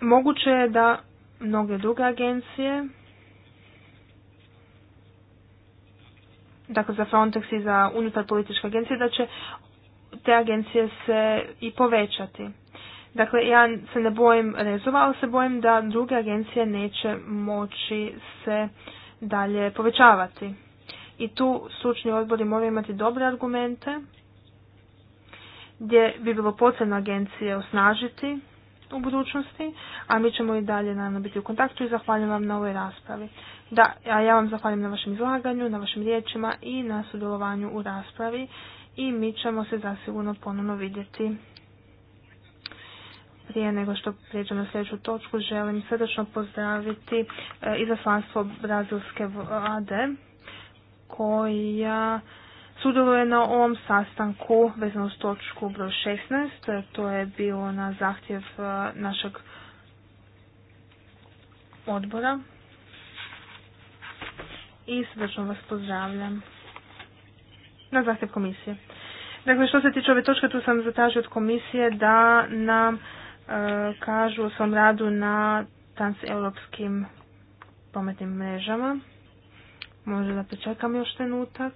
moguće je da mnoge druge agencije, dakle za Frontex i za unutar političke agencije, da će te agencije se i povećati. Dakle, ja se ne bojim rezova, ali se bojim da druge agencije neće moći se dalje povećavati. I tu stručni odbori moraju imati dobre argumente, gdje bi bilo potrebno agencije osnažiti u budućnosti, a mi ćemo i dalje naravno biti u kontaktu i zahvaljujem vam na ovoj raspravi. Da, a ja vam zahvaljujem na vašem izlaganju, na vašim riječima i na sudjelovanju u raspravi i mi ćemo se zasigurno ponovno vidjeti prije nego što prijeđem na sljedeću točku, želim srdečno pozdraviti e, izaslanstvo brazilske vlade koja sudjeluje na ovom sastanku vezano s točku broj 16. To je bilo na zahtjev e, našeg odbora. I srdečno vas pozdravljam na zahtjev komisije. Dakle, što se tiče ove točke, tu sam zatražio od komisije da nam kažu u svom radu na transeuropskim pametnim mrežama. Možda da pričekam još trenutak.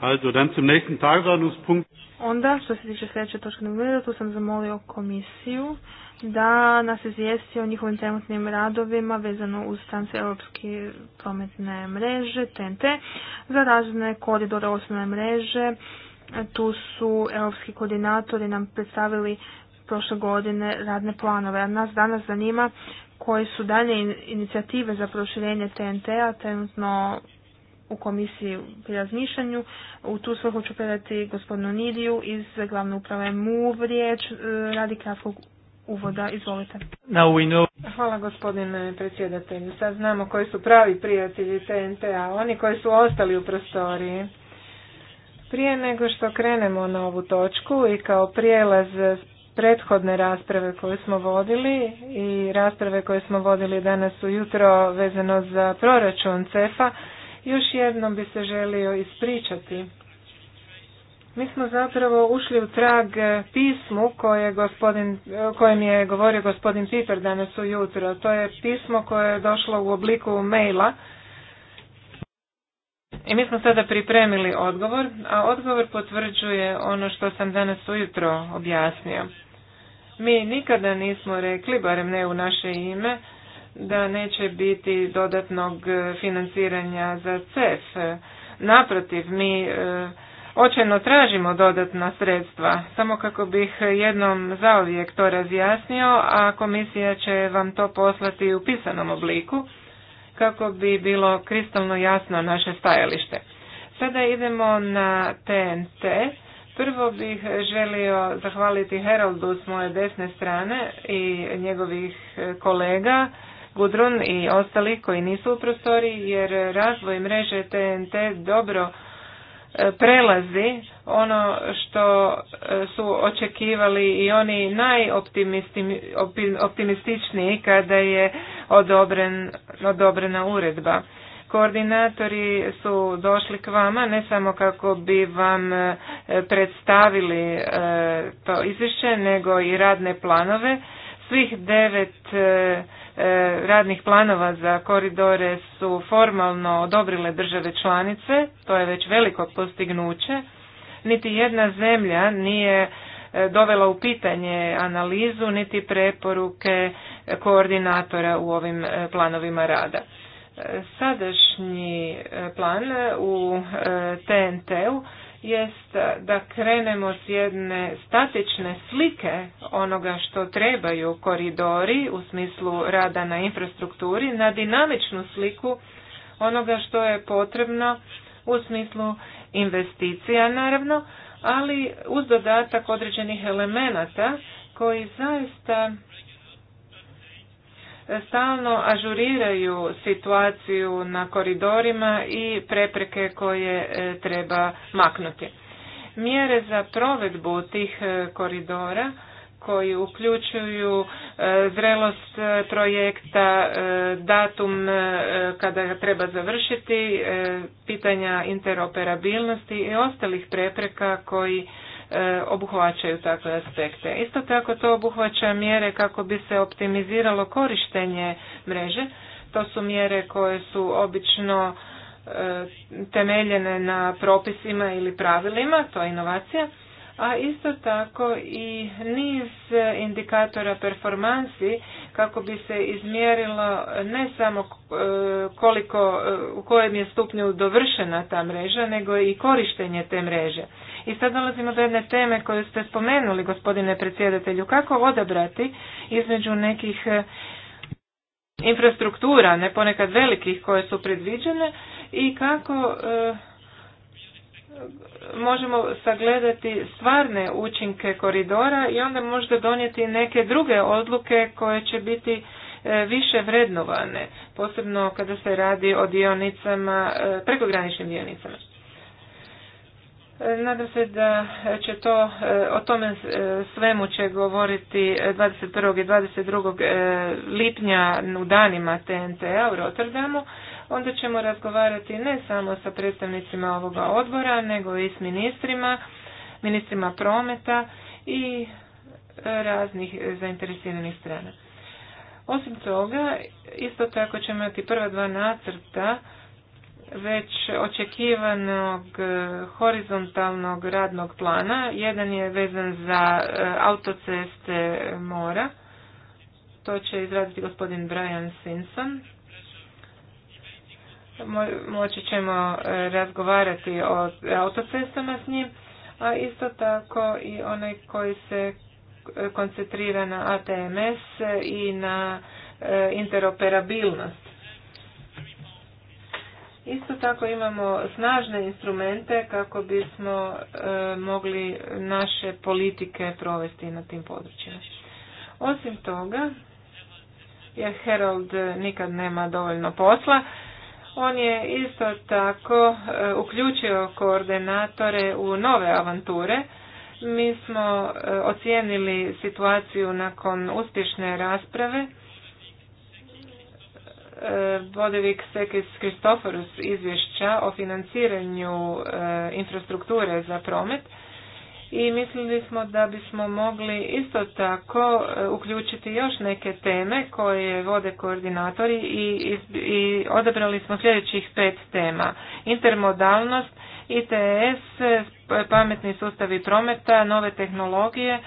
Also dann zum nächsten Tagesordnungspunkt. Onda, što se tiče sljedeće točke dnevnog tu sam zamolio komisiju da nas izvijesti o njihovim trenutnim radovima vezano uz Europske prometne mreže, TNT, za razne koridore osnovne mreže. Tu su europski koordinatori nam predstavili prošle godine radne planove. A nas danas zanima koje su dalje inicijative za proširenje TNT-a trenutno u komisiji pri razmišljanju. U tu svrhu ću predati gospodinu Nidiju iz glavne uprave MUV riječ e, radi kratkog uvoda. Izvolite. Now Hvala gospodine predsjedatelju. Sad znamo koji su pravi prijatelji TNT-a, oni koji su ostali u prostoriji. Prije nego što krenemo na ovu točku i kao prijelaz prethodne rasprave koje smo vodili i rasprave koje smo vodili danas ujutro vezano za proračun CEFA, još jednom bi se želio ispričati. Mi smo zapravo ušli u trag e, pismu koje gospodin, e, kojem je govorio gospodin Piper danas ujutro. To je pismo koje je došlo u obliku maila. I mi smo sada pripremili odgovor, a odgovor potvrđuje ono što sam danas ujutro objasnio. Mi nikada nismo rekli, barem ne u naše ime, da neće biti dodatnog e, financiranja za CEF. Naprotiv, mi e, očajno tražimo dodatna sredstva, samo kako bih jednom zaovijek to razjasnio, a komisija će vam to poslati u pisanom obliku, kako bi bilo kristalno jasno naše stajalište. Sada idemo na TNT. Prvo bih želio zahvaliti Heraldu s moje desne strane i njegovih e, kolega Gudrun i ostali koji nisu u prostoriji jer razvoj mreže TNT dobro e, prelazi ono što e, su očekivali i oni najoptimističniji kada je odobren, odobrena uredba. Koordinatori su došli k vama ne samo kako bi vam e, predstavili to izvješće nego i radne planove svih devet E, radnih planova za koridore su formalno odobrile države članice, to je već veliko postignuće. Niti jedna zemlja nije e, dovela u pitanje analizu niti preporuke koordinatora u ovim e, planovima rada. Sadašnji plan u TNT-u jest da krenemo s jedne statične slike onoga što trebaju koridori u smislu rada na infrastrukturi na dinamičnu sliku onoga što je potrebno u smislu investicija naravno, ali uz dodatak određenih elemenata koji zaista stalno ažuriraju situaciju na koridorima i prepreke koje e, treba maknuti. Mjere za provedbu tih e, koridora koji uključuju e, zrelost projekta, datum kada ga treba završiti, pitanja interoperabilnosti i ostalih prepreka koji E, obuhvaćaju takve aspekte. Isto tako to obuhvaća mjere kako bi se optimiziralo korištenje mreže. To su mjere koje su obično e, temeljene na propisima ili pravilima, to je inovacija, a isto tako i niz indikatora performansi kako bi se izmjerilo ne samo e, koliko, u kojem je stupnju dovršena ta mreža, nego i korištenje te mreže. I sad dolazimo do jedne teme koju ste spomenuli, gospodine predsjedatelju. Kako odabrati između nekih e, infrastruktura, ne ponekad velikih koje su predviđene i kako e, možemo sagledati stvarne učinke koridora i onda možda donijeti neke druge odluke koje će biti e, više vrednovane, posebno kada se radi o dionicama, e, prekograničnim dionicama. Nadam se da će to, e, o tome e, svemu će govoriti 21. E, i 22. lipnja u danima TNT-a u Rotterdamu. Onda ćemo razgovarati ne samo sa predstavnicima ovoga odbora, nego i s ministrima, ministrima prometa i raznih zainteresiranih strana. Osim toga, isto tako ćemo imati prva dva nacrta već očekivanog e, horizontalnog radnog plana. Jedan je vezan za e, autoceste mora. To će izraditi gospodin Brian Simpson. Moći ćemo e, razgovarati o autocestama s njim, a isto tako i onaj koji se koncentrira na ATMS i na interoperabilnost. Isto tako imamo snažne instrumente kako bismo e, mogli naše politike provesti na tim područjima. Osim toga, jer Herald nikad nema dovoljno posla, on je isto tako e, uključio koordinatore u nove avanture. Mi smo e, ocijenili situaciju nakon uspješne rasprave Vodovik Sekis Kristoforus izvješća o financiranju e, infrastrukture za promet i mislili smo da bismo mogli isto tako e, uključiti još neke teme koje vode koordinatori i, i odabrali smo sljedećih pet tema. Intermodalnost, ITS, e, pametni sustavi prometa, nove tehnologije,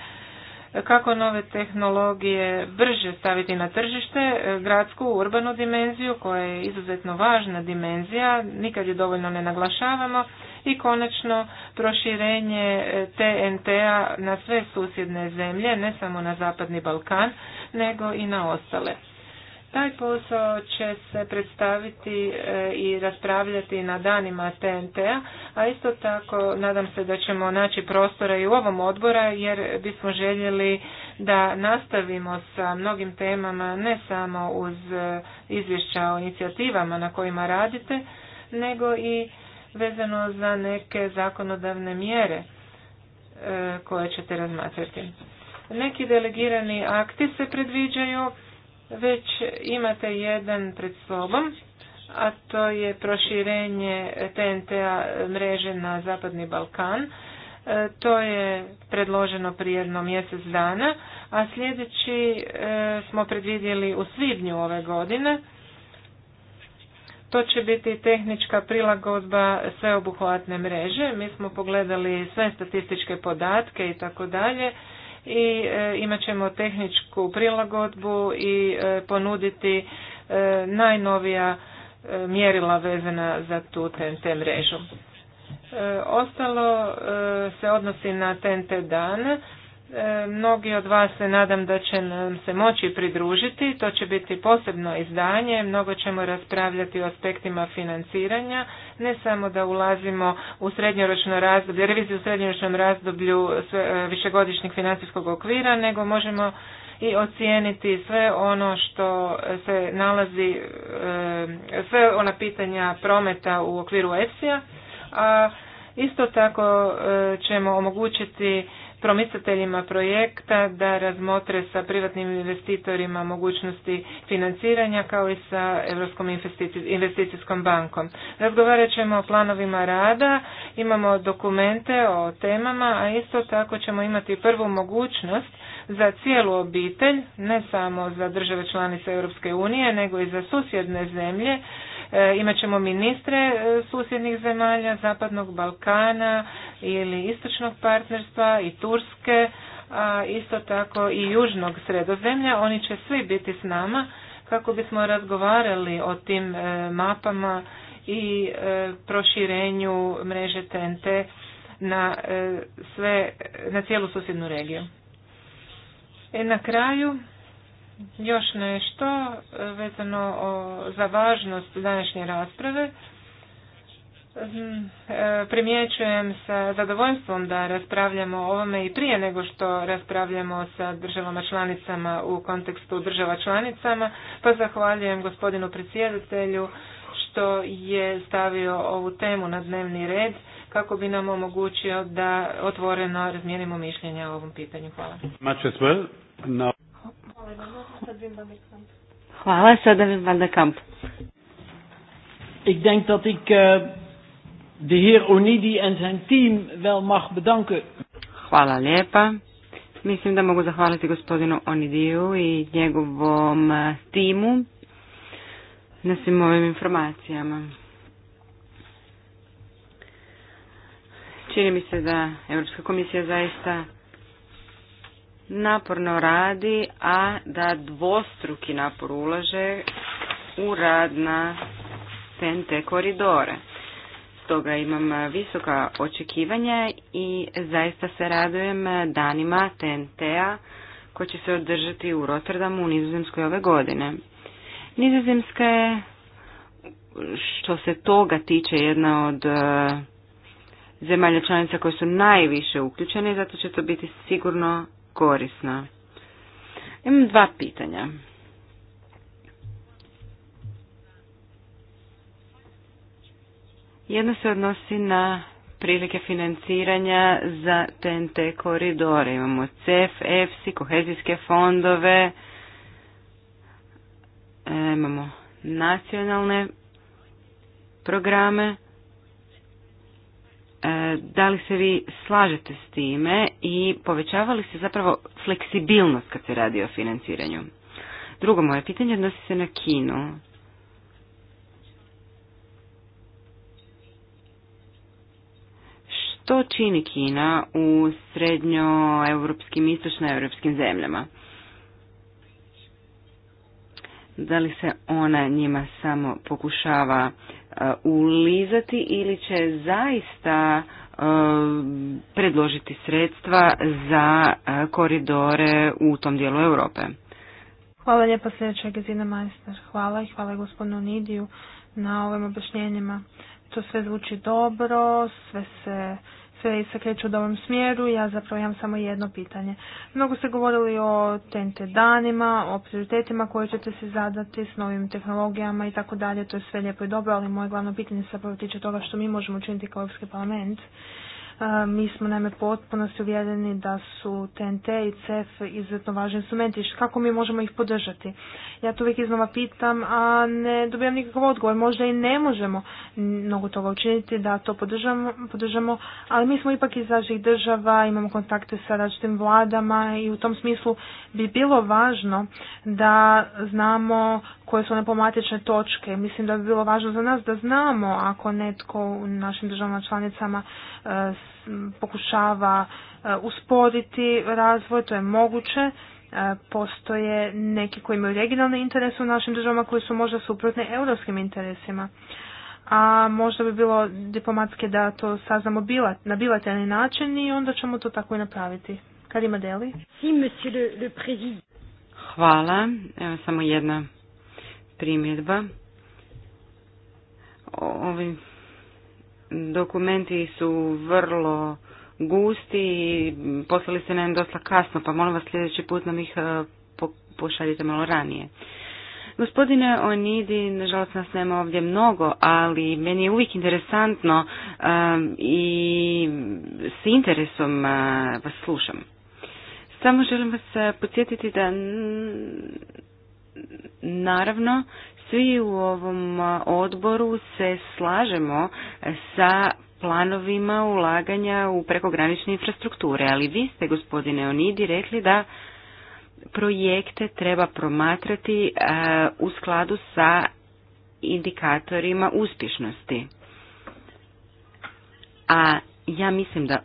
kako nove tehnologije brže staviti na tržište, e, gradsku urbanu dimenziju koja je izuzetno važna dimenzija, nikad je dovoljno ne naglašavamo i konačno proširenje e, TNT-a na sve susjedne zemlje, ne samo na Zapadni Balkan, nego i na ostale. Taj posao će se predstaviti e, i raspravljati na danima TNT-a, a isto tako nadam se da ćemo naći prostora i u ovom odbora jer bismo željeli da nastavimo sa mnogim temama ne samo uz e, izvješća o inicijativama na kojima radite, nego i vezano za neke zakonodavne mjere e, koje ćete razmatrati. Neki delegirani akti se predviđaju već imate jedan pred sobom, a to je proširenje TNT-a mreže na Zapadni Balkan. E, to je predloženo prije jedno mjesec dana, a sljedeći e, smo predvidjeli u svibnju ove godine. To će biti tehnička prilagodba sveobuhvatne mreže. Mi smo pogledali sve statističke podatke i tako dalje i e, imat ćemo tehničku prilagodbu i e, ponuditi e, najnovija mjerila vezana za tu TNT mrežu. Ostalo se odnosi na TNT dan. E, mnogi od vas se nadam da će nam se moći pridružiti, to će biti posebno izdanje, mnogo ćemo raspravljati o aspektima financiranja, ne samo da ulazimo u srednjoročno razdoblje, reviziju u srednjoročnom razdoblju e, višegodišnjeg financijskog okvira, nego možemo i ocijeniti sve ono što se nalazi, e, sve ona pitanja prometa u okviru EFSI-a, a isto tako ćemo omogućiti Promisateljima projekta da razmotre sa privatnim investitorima mogućnosti financiranja kao i sa Europskom investicijskom bankom. Razgovarat ćemo o planovima rada, imamo dokumente o temama, a isto tako ćemo imati prvu mogućnost za cijelu obitelj, ne samo za države članice Europske unije, nego i za susjedne zemlje E, imat ćemo ministre e, susjednih zemalja, Zapadnog Balkana ili Istočnog partnerstva i Turske, a isto tako i Južnog sredozemlja. Oni će svi biti s nama kako bismo razgovarali o tim e, mapama i proširenju mreže TNT na sve na cijelu susjednu regiju. I na kraju još nešto e, vezano za važnost današnje rasprave. Mm, e, primjećujem sa zadovoljstvom da raspravljamo o ovome i prije nego što raspravljamo sa državama članicama u kontekstu država članicama, pa zahvaljujem gospodinu predsjedatelju što je stavio ovu temu na dnevni red kako bi nam omogućio da otvoreno razmijenimo mišljenja o ovom pitanju. Hvala. Hvala, sada Wim van de Kamp. Ik denk dat ik uh, de heer Onidi en zijn team wel mag bedanken. Hvala lijepa. Mislim da mogu zahvaliti gospodinu Onidiju i njegovom eh, timu na svim ovim informacijama. Čini mi se da Europska komisija zaista naporno radi, a da dvostruki napor ulaže u rad na TNT koridore. Stoga imam visoka očekivanja i zaista se radujem danima TNT-a koji će se održati u Rotterdamu u Nizozemskoj ove godine. Nizozemska je, što se toga tiče, jedna od e, zemalja članica koje su najviše uključene, zato će to biti sigurno korisna. Imam dva pitanja. Jedno se odnosi na prilike financiranja za TNT koridore. Imamo CEF, EFSI, kohezijske fondove, e, imamo nacionalne programe da li se vi slažete s time i povećava li se zapravo fleksibilnost kad se radi o financiranju? Drugo moje pitanje odnosi se na Kinu. Što čini Kina u srednjoeuropskim i istočnoeuropskim zemljama? Da li se ona njima samo pokušava E, ulizati ili će zaista e, predložiti sredstva za e, koridore u tom dijelu Europe. Hvala lijepa sljedeća Gezina Majster. Hvala i hvala gospodinu Nidiju na ovim objašnjenjima. To sve zvuči dobro, sve se sve se kreću u ovom smjeru, ja zapravo imam samo jedno pitanje. Mnogo ste govorili o TNT danima, o prioritetima koje ćete se zadati s novim tehnologijama i tako dalje, to je sve lijepo i dobro, ali moje glavno pitanje se zapravo tiče toga što mi možemo učiniti kao Europski parlament mi smo naime potpunosti uvjereni da su TNT i CEF izuzetno važni instrumenti. Kako mi možemo ih podržati? Ja to uvijek iznova pitam, a ne dobijam nikakav odgovor. Možda i ne možemo mnogo toga učiniti da to podržamo, podržamo ali mi smo ipak iz naših država, imamo kontakte sa različitim vladama i u tom smislu bi bilo važno da znamo koje su one pomatične točke. Mislim da bi bilo važno za nas da znamo ako netko u našim državama članicama e, pokušava e, usporiti razvoj, to je moguće. E, postoje neki koji imaju regionalne interese u našim državama koji su možda suprotne europskim interesima. A možda bi bilo diplomatske da to saznamo na bilateralni način i onda ćemo to tako i napraviti. Karima Deli. Hvala. Evo samo jedna primjedba. Ovim dokumenti su vrlo gusti i poslali ste nam dosta kasno, pa molim vas sljedeći put nam ih e, pošaljite malo ranije. Gospodine Onidi, nažalost nas nema ovdje mnogo, ali meni je uvijek interesantno i s interesom e, vas slušam. Samo želim vas e, podsjetiti da naravno svi u ovom odboru se slažemo e, sa planovima ulaganja u prekogranične infrastrukture, ali vi ste, gospodine Onidi, rekli da projekte treba promatrati e, u skladu sa indikatorima uspješnosti. A ja mislim da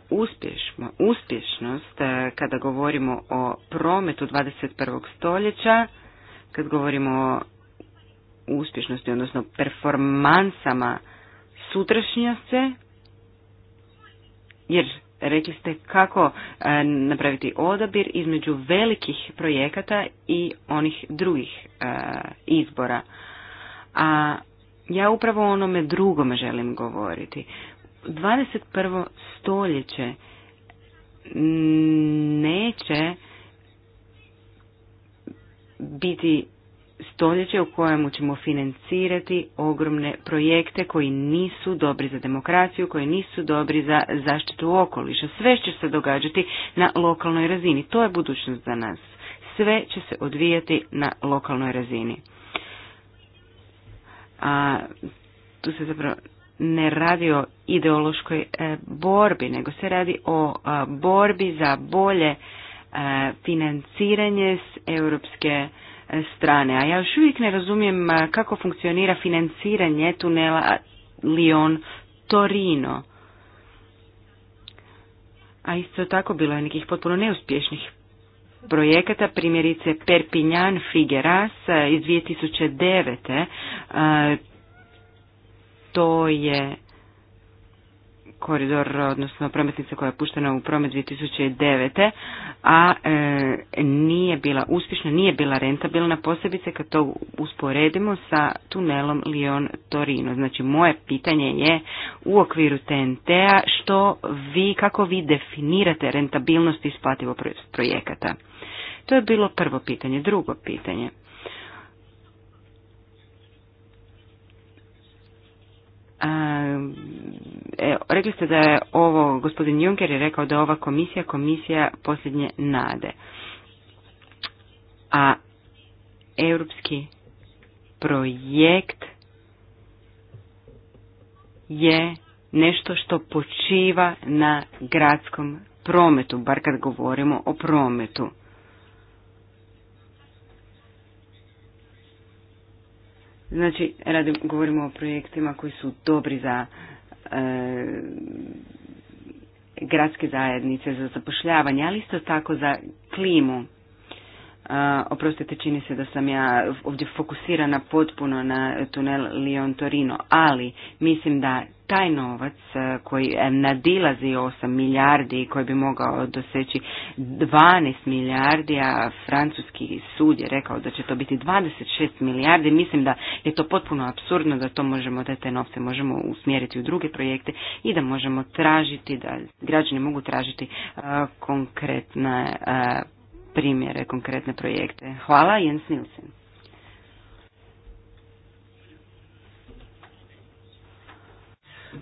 uspješnost e, kada govorimo o prometu 21. stoljeća, kad govorimo o uspješnosti, odnosno performansama sutrašnjosti jer rekli ste kako e, napraviti odabir između velikih projekata i onih drugih e, izbora. A ja upravo o onome drugome želim govoriti. 21. stoljeće neće biti stoljeće u kojemu ćemo financirati ogromne projekte koji nisu dobri za demokraciju, koji nisu dobri za zaštitu okoliša. Sve će se događati na lokalnoj razini. To je budućnost za nas. Sve će se odvijati na lokalnoj razini. A tu se zapravo ne radi o ideološkoj e, borbi, nego se radi o e, borbi za bolje e, financiranje s europske strane. A ja još uvijek ne razumijem kako funkcionira financiranje tunela Lyon-Torino. A isto tako bilo je nekih potpuno neuspješnih projekata, primjerice Perpignan Figueras iz 2009. To je koridor, odnosno prometnica koja je puštena u promet 2009. a e, nije bila uspješna, nije bila rentabilna, posebice kad to usporedimo sa tunelom Lyon-Torino. Znači, moje pitanje je u okviru TNT-a što vi, kako vi definirate rentabilnost i isplativo projekata? To je bilo prvo pitanje. Drugo pitanje. A, E, rekli ste da je ovo, gospodin Juncker je rekao da je ova komisija, komisija posljednje nade. A europski projekt je nešto što počiva na gradskom prometu, bar kad govorimo o prometu. Znači, radim, govorimo o projektima koji su dobri za gradske zajednice za zapošljavanje, ali isto tako za klimu oprostite, čini se da sam ja ovdje fokusirana potpuno na tunel Lion torino ali mislim da taj novac koji nadilazi 8 milijardi i koji bi mogao doseći 12 milijardi, a francuski sud je rekao da će to biti 26 milijardi, mislim da je to potpuno absurdno da to možemo, da te novce možemo usmjeriti u druge projekte i da možemo tražiti, da građani mogu tražiti konkretne primjere, konkretne projekte. Hvala, Jens Nilsen.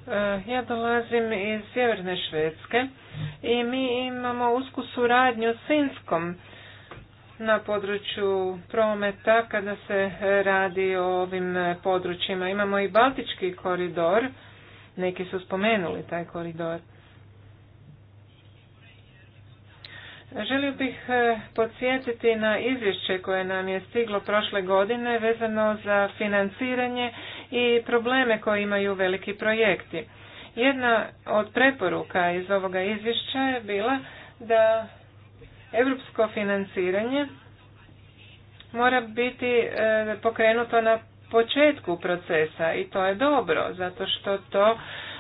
Eh, ja dolazim iz Sjeverne Švedske i mi imamo usku suradnju s Finskom na području prometa kada se radi o ovim područjima. Imamo i Baltički koridor, neki su spomenuli taj koridor. Želio bih e, podsjetiti na izvješće koje nam je stiglo prošle godine vezano za financiranje i probleme koje imaju veliki projekti. Jedna od preporuka iz ovoga izvješća je bila da europsko financiranje mora biti e, pokrenuto na početku procesa i to je dobro zato što to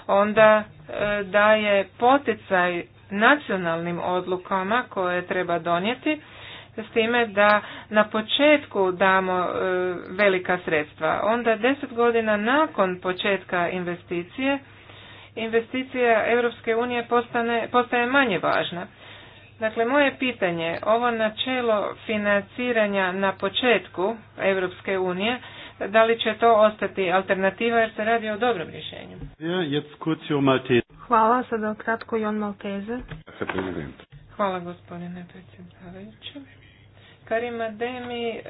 onda e, daje poticaj nacionalnim odlukama koje treba donijeti s time da na početku damo e, velika sredstva. Onda deset godina nakon početka investicije investicija Europske unije postane, postaje manje važna. Dakle, moje pitanje, ovo načelo financiranja na početku Europske unije, da li će to ostati alternativa jer se radi o dobrom rješenju? Hvala, sada kratko Jon Malteze. Hvala gospodine predsjedavajući. Karima Demi e,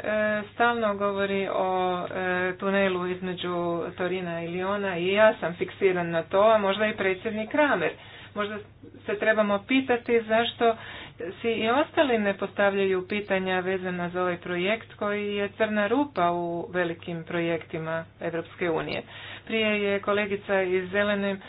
stalno govori o e, tunelu između Torina i Liona i ja sam fiksiran na to, a možda i predsjednik Kramer. Možda se trebamo pitati zašto si i ostali ne postavljaju pitanja vezana za ovaj projekt koji je crna rupa u velikim projektima Europske unije. Prije je kolegica iz Zelenim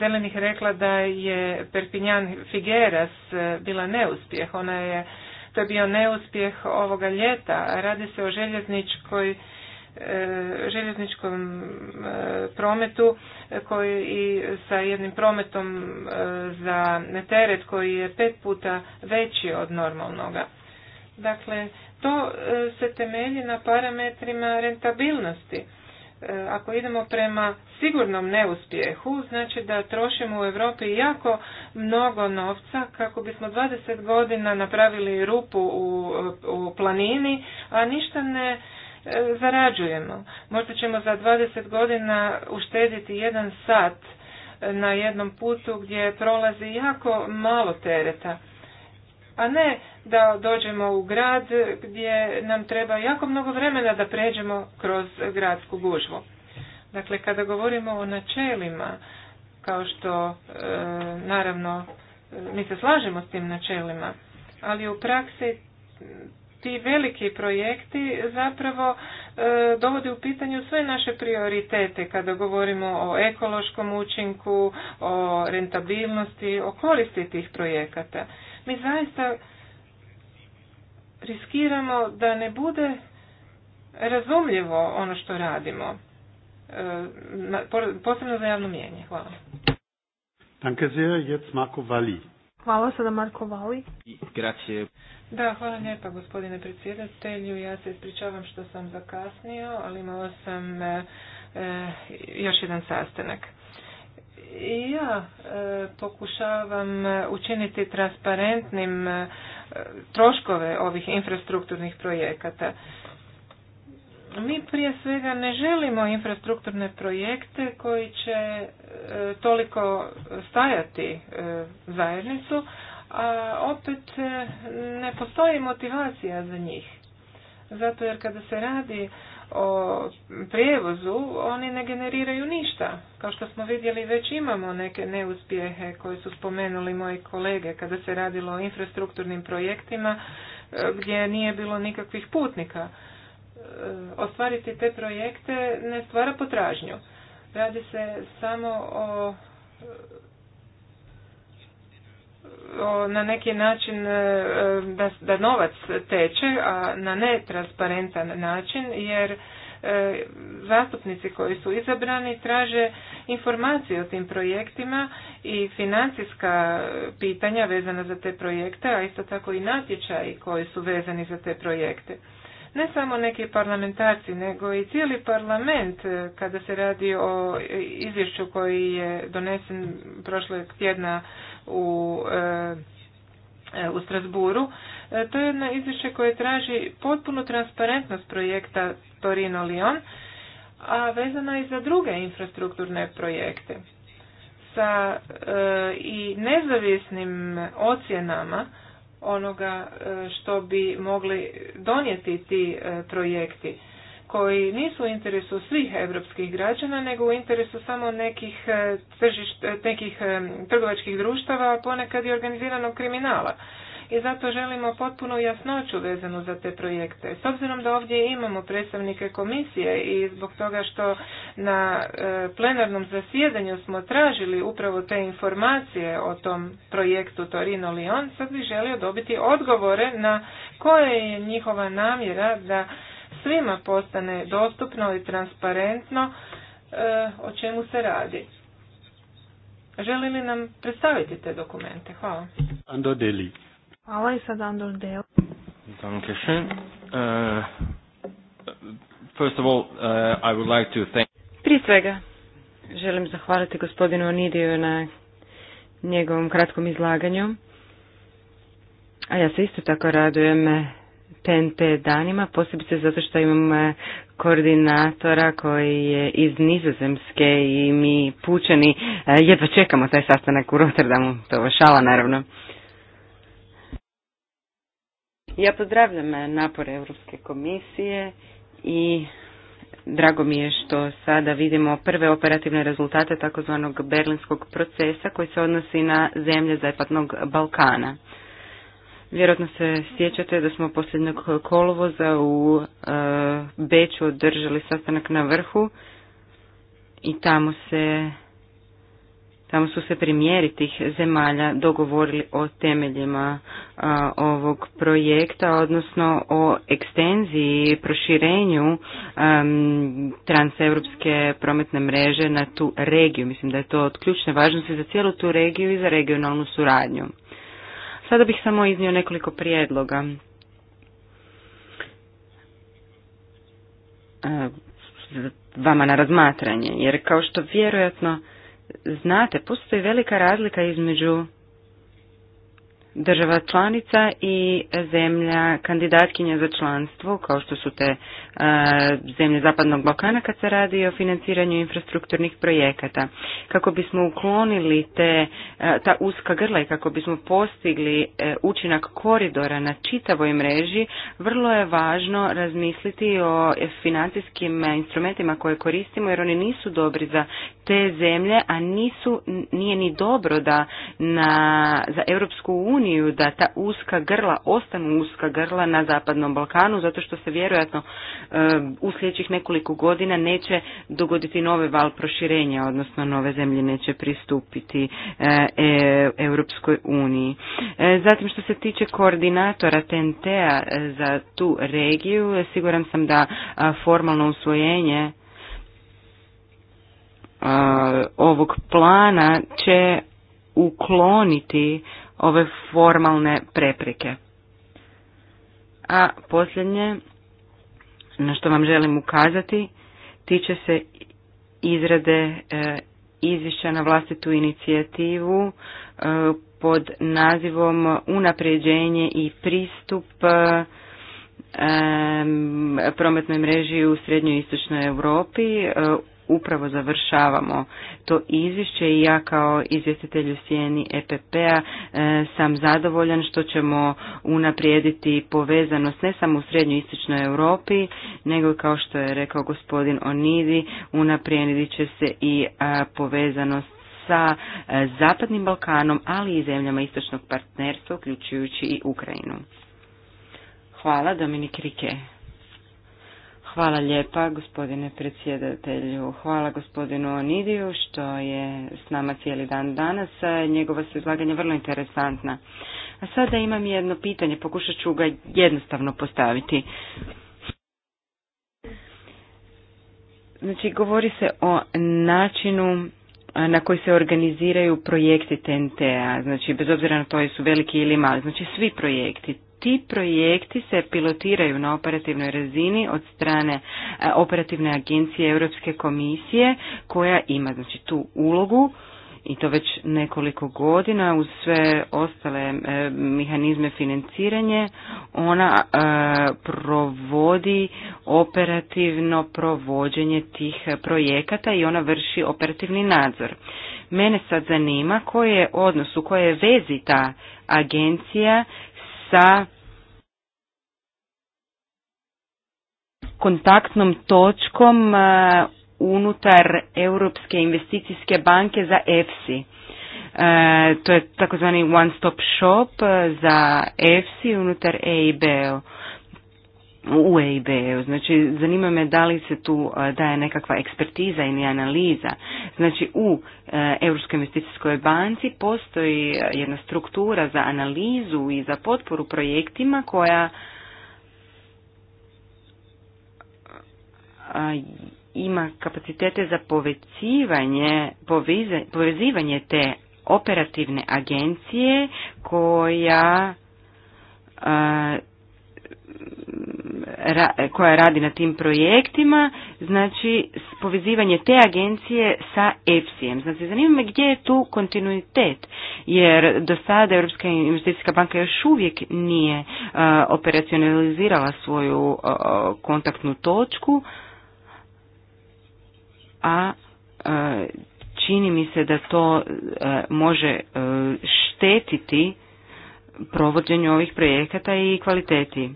Zelenih rekla da je Perpinjan Figueras e, bila neuspjeh. Ona je, to je bio neuspjeh ovoga ljeta. Radi se o željezničkoj e, željezničkom e, prometu koji i sa jednim prometom za teret koji je pet puta veći od normalnoga. Dakle, to se temelji na parametrima rentabilnosti. E, ako idemo prema sigurnom neuspjehu, znači da trošimo u Europi jako mnogo novca kako bismo 20 godina napravili rupu u, u planini, a ništa ne e, zarađujemo. Možda ćemo za 20 godina uštediti jedan sat na jednom putu gdje prolazi jako malo tereta a ne da dođemo u grad gdje nam treba jako mnogo vremena da pređemo kroz gradsku gužvu. Dakle, kada govorimo o načelima, kao što e, naravno mi se slažemo s tim načelima, ali u praksi ti veliki projekti zapravo e, dovode u pitanju sve naše prioritete kada govorimo o ekološkom učinku, o rentabilnosti, o koristi tih projekata mi zaista riskiramo da ne bude razumljivo ono što radimo, e, posebno za javno mijenje. Hvala. Danke sehr, jetzt Marco Valli. Hvala sada Marko Vali. Grazie. Da, hvala lijepa gospodine predsjedatelju. Ja se ispričavam što sam zakasnio, ali imala sam e, e, još jedan sastanak i ja e, pokušavam e, učiniti transparentnim e, troškove ovih infrastrukturnih projekata. Mi prije svega ne želimo infrastrukturne projekte koji će toliko stajati zajednicu, a opet ne postoji motivacija za njih. Zato jer kada se radi o prijevozu, oni ne generiraju ništa. Kao što smo vidjeli, već imamo neke neuspjehe koje su spomenuli moji kolege kada se radilo o infrastrukturnim projektima e, gdje nije bilo nikakvih putnika. E, ostvariti te projekte ne stvara potražnju. Radi se samo o na neki način e, da, da novac teče, a na netransparentan način, jer e, zastupnici koji su izabrani traže informacije o tim projektima i financijska pitanja vezana za te projekte, a isto tako i natječaji koji su vezani za te projekte. Ne samo neki parlamentarci, nego i cijeli parlament e, kada se radi o izvješću koji je donesen prošlog tjedna u e, e, u Strasburu. E, to je jedno izvješće koje traži potpunu transparentnost projekta Torino Lyon, a vezano i za druge infrastrukturne projekte. Sa i nezavisnim ocjenama onoga što bi mogli donijeti ti projekti koji nisu u interesu svih europskih građana, nego u interesu samo nekih, e, e, nekih e, trgovačkih društava, ponekad i organiziranog kriminala. I zato želimo potpunu jasnoću vezanu za te projekte. S obzirom da ovdje imamo predstavnike komisije i zbog toga što na plenarnom zasjedanju smo tražili upravo te informacije o tom projektu Torino Lion, sad bih želio dobiti odgovore na koje je njihova namjera da svima postane dostupno i transparentno e, o čemu se radi. Želi li nam predstaviti te dokumente? Hvala. Andor Deli. Hvala i sad Andor Deli. E, first of all, e, I would like to Prije svega, želim zahvaliti gospodinu Onidiju na njegovom kratkom izlaganju. A ja se isto tako radujem TNT danima, posebice zato što imam e, koordinatora koji je iz Nizozemske i mi pučani e, jedva čekamo taj sastanak u Rotterdamu, to je šala naravno. Ja pozdravljam e, napore Europske komisije i drago mi je što sada vidimo prve operativne rezultate takozvanog berlinskog procesa koji se odnosi na zemlje Zapadnog Balkana. Vjerojatno se sjećate da smo posljednog kolovoza u e, Beću održali sastanak na vrhu i tamo se tamo su se primjeri tih zemalja dogovorili o temeljima e, ovog projekta, odnosno o ekstenziji i proširenju e, transeuropske prometne mreže na tu regiju. Mislim da je to od ključne važnosti za cijelu tu regiju i za regionalnu suradnju. Sada bih samo iznio nekoliko prijedloga. E, vama na razmatranje, jer kao što vjerojatno znate, postoji velika razlika između država članica i zemlja kandidatkinja za članstvo, kao što su te zemlje Zapadnog Balkana kad se radi o financiranju infrastrukturnih projekata. Kako bismo uklonili te, ta uska grla i kako bismo postigli e, učinak koridora na čitavoj mreži, vrlo je važno razmisliti o financijskim instrumentima koje koristimo jer oni nisu dobri za te zemlje, a nisu, nije ni dobro da na, za Europsku uniju da ta uska grla ostanu uska grla na Zapadnom Balkanu zato što se vjerojatno eh, u sljedećih nekoliko godina neće dogoditi nove val proširenja, odnosno nove zemlje neće pristupiti eh, e, Europskoj uniji. Eh, zatim što se tiče koordinatora TNT-a za tu regiju, siguran sam da formalno usvojenje ovog plana će ukloniti ove formalne prepreke. A posljednje na što vam želim ukazati tiče se izrade e, izvješća na vlastitu inicijativu e, pod nazivom Unapređenje i pristup e, prometnoj mreži u srednjoj i istočnoj Europi upravo završavamo to izvješće i ja kao izvjestitelj u sjeni EPP-a e, sam zadovoljan što ćemo unaprijediti povezanost ne samo u srednjoj istočnoj Europi, nego kao što je rekao gospodin Onidi, unaprijedit će se i e, povezanost sa e, Zapadnim Balkanom, ali i zemljama istočnog partnerstva, uključujući i Ukrajinu. Hvala, Dominik Rike. Hvala lijepa gospodine predsjedatelju. Hvala gospodinu Onidiju što je s nama cijeli dan danas. Njegova su izlaganja vrlo interesantna. A sada imam jedno pitanje, pokušat ću ga jednostavno postaviti. Znači, govori se o načinu na koji se organiziraju projekti TNT-a, znači bez obzira na to su veliki ili mali, znači svi projekti, ti projekti se pilotiraju na operativnoj razini od strane e, operativne agencije Europske komisije koja ima znači tu ulogu i to već nekoliko godina uz sve ostale e, mehanizme financiranje ona e, provodi operativno provođenje tih projekata i ona vrši operativni nadzor. Mene sad zanima koji je odnos u kojoj je vezi ta agencija sa kontaktnom točkom e, unutar Europske investicijske banke za EFSI. E, to je takozvani one stop shop e, za EFSI unutar EIB-u eib Znači, zanima me da li se tu daje nekakva ekspertiza ili analiza. Znači, u Europskoj investicijskoj banci postoji jedna struktura za analizu i za potporu projektima koja ima kapacitete za povezivanje, povezivanje te operativne agencije koja koja radi na tim projektima, znači povezivanje te agencije sa efsi Znači, zanima me gdje je tu kontinuitet, jer do sada Europska investicijska banka još uvijek nije operacionalizirala svoju kontaktnu točku, a e, čini mi se da to e, može e, štetiti provođenju ovih projekata i kvaliteti.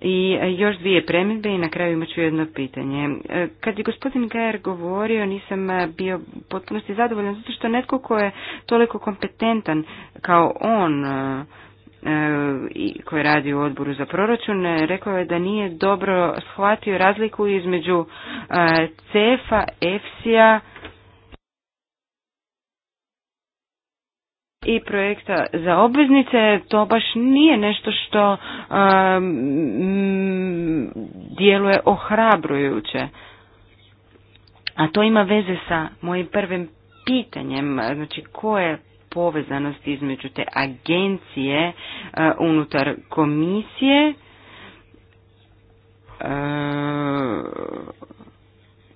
I još dvije premjede i na kraju imat ću jedno pitanje. Kad je gospodin Gajer govorio, nisam bio potpunosti zadovoljan zato što netko ko je toliko kompetentan kao on E, koji radi u odboru za proračun, rekao je da nije dobro shvatio razliku između e, CEFA, EFSI-a i projekta za obveznice. To baš nije nešto što e, djeluje ohrabrujuće. A to ima veze sa mojim prvim pitanjem, znači koje povezanosti između te agencije e, unutar komisije e,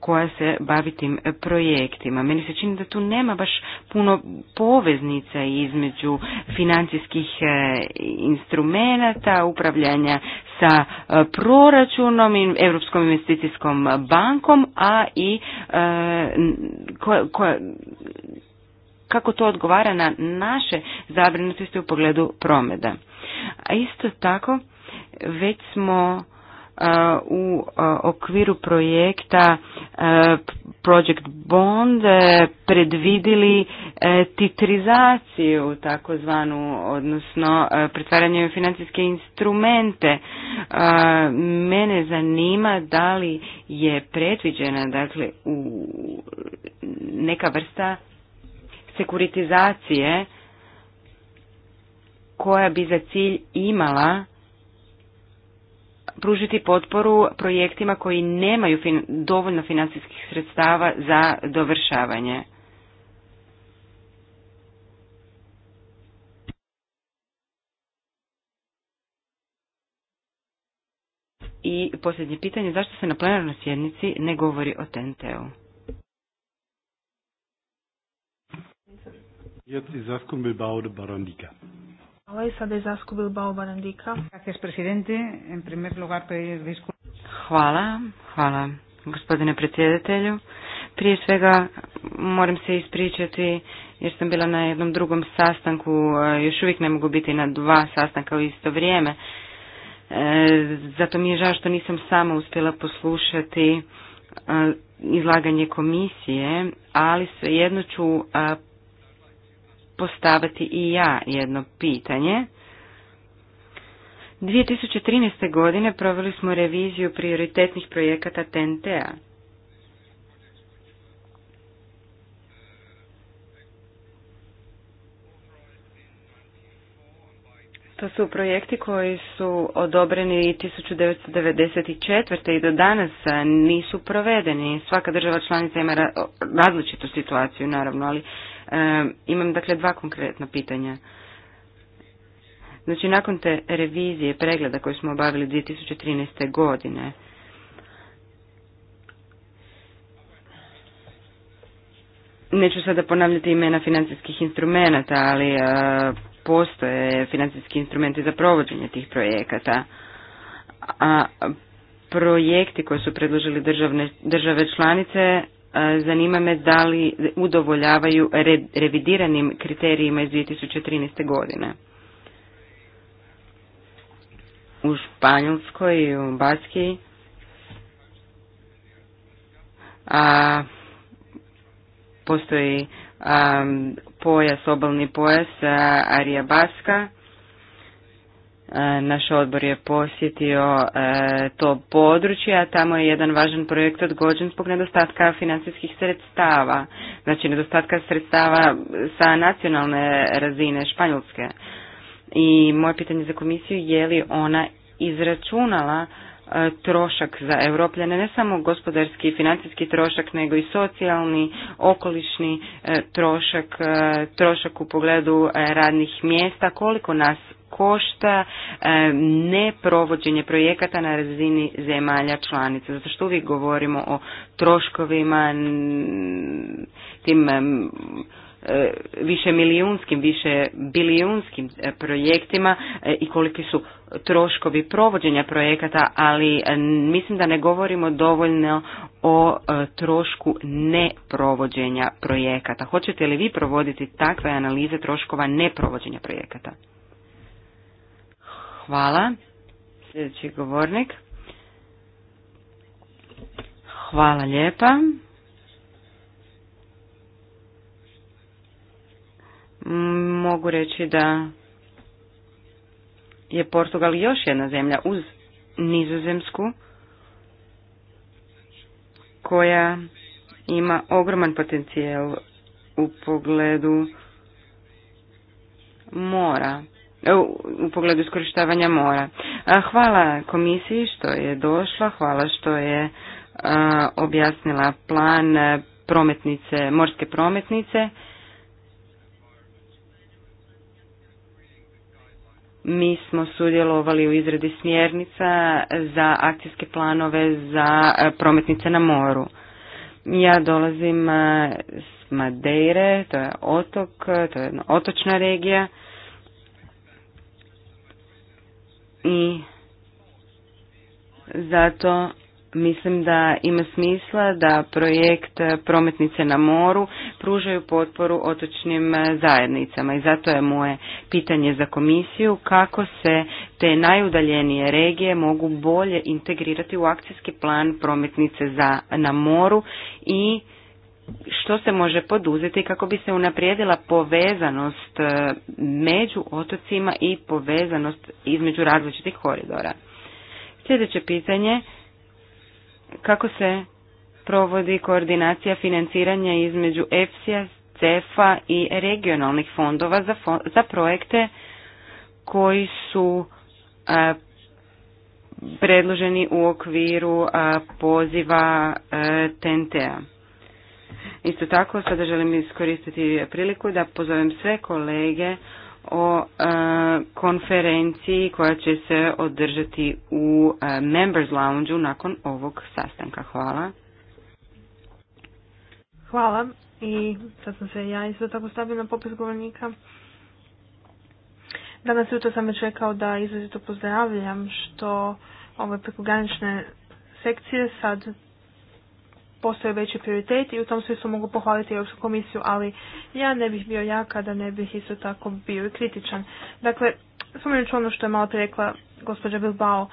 koja se bavi tim projektima. Meni se čini da tu nema baš puno poveznica između financijskih e, instrumenata, upravljanja sa proračunom, i Europskom investicijskom bankom, a i kako to odgovara na naše zabrinutosti u pogledu prometa. A isto tako već smo e, u e, okviru projekta e, Project Bond predvidili titrizaciju takozvanu, odnosno pretvaranje u financijske instrumente. Mene zanima da li je predviđena dakle, u neka vrsta sekuritizacije koja bi za cilj imala pružiti potporu projektima koji nemaju fin dovoljno financijskih sredstava za dovršavanje. I posljednje pitanje, zašto se na plenarnoj sjednici ne govori o TNT-u? Jetzt ist Bilbao de Hvala En primer Hvala, hvala gospodine predsjedatelju. Prije svega moram se ispričati jer sam bila na jednom drugom sastanku, još uvijek ne mogu biti na dva sastanka u isto vrijeme. E, zato mi je žao što nisam sama uspjela poslušati izlaganje komisije, ali svejedno ću postaviti i ja jedno pitanje. 2013. godine proveli smo reviziju prioritetnih projekata TNT-a. To su projekti koji su odobreni 1994. i do danas nisu provedeni. Svaka država članica ima različitu situaciju, naravno, ali imam dakle dva konkretna pitanja. Znači nakon te revizije pregleda koje smo obavili 2013. godine, neću sada ponavljati imena financijskih instrumenata, ali e, postoje financijski instrumenti za provođenje tih projekata. A projekti koje su predložili države članice zanima me da li udovoljavaju revidiranim kriterijima iz 2013. godine. U Španjolskoj i u Baskiji a, postoji a, pojas, obalni pojas Arija Baska E, naš odbor je posjetio e, to područje, a tamo je jedan važan projekt odgođen zbog nedostatka financijskih sredstava, znači nedostatka sredstava sa nacionalne razine Španjolske. I moje pitanje za komisiju je li ona izračunala e, trošak za europljane, ne samo gospodarski i financijski trošak, nego i socijalni, okolišni trošak, trošak u pogledu radnih mjesta, koliko nas košta e, neprovođenje projekata na razini zemalja članica. Zato što uvijek govorimo o troškovima, tim e, više milijunskim, više bilijunskim e, projektima i koliki su troškovi provođenja projekata, ali mislim da ne govorimo dovoljno o trošku neprovođenja projekata. Hoćete li vi provoditi takve analize troškova neprovođenja projekata? Hvala. Sljedeći govornik. Hvala lijepa. Mogu reći da je Portugal još jedna zemlja uz Nizozemsku koja ima ogroman potencijal u pogledu mora. E, u pogledu iskorištavanja mora. Hvala komisiji što je došla, hvala što je objasnila plan e, prometnice, morske prometnice. Mi smo sudjelovali u izradi smjernica za akcijske planove za e, prometnice na moru. Ja dolazim s Madeire, to je otok, to je jedna otočna regija. i zato mislim da ima smisla da projekt Prometnice na moru pružaju potporu otočnim zajednicama i zato je moje pitanje za komisiju kako se te najudaljenije regije mogu bolje integrirati u akcijski plan Prometnice za, na moru i što se može poduzeti kako bi se unaprijedila povezanost e, među otocima i povezanost između različitih koridora. Sljedeće pitanje, kako se provodi koordinacija financiranja između EFSI-a, cef i regionalnih fondova za, za projekte koji su e, predloženi u okviru a, poziva e, TNT-a. Isto tako, sada želim iskoristiti priliku da pozovem sve kolege o e, konferenciji koja će se održati u e, Members Lounge-u nakon ovog sastanka. Hvala. Hvala. I sad sam se ja isto tako stavila na popis govornika. Danas jutro sam već rekao da izrazito pozdravljam što ove prekogranične sekcije sad postoje veći prioritet i u tom smislu mogu pohvaliti Europsku komisiju, ali ja ne bih bio ja kada ne bih isto tako bio i kritičan. Dakle, spomenut ću ono što je malo rekla gospođa Bilbao.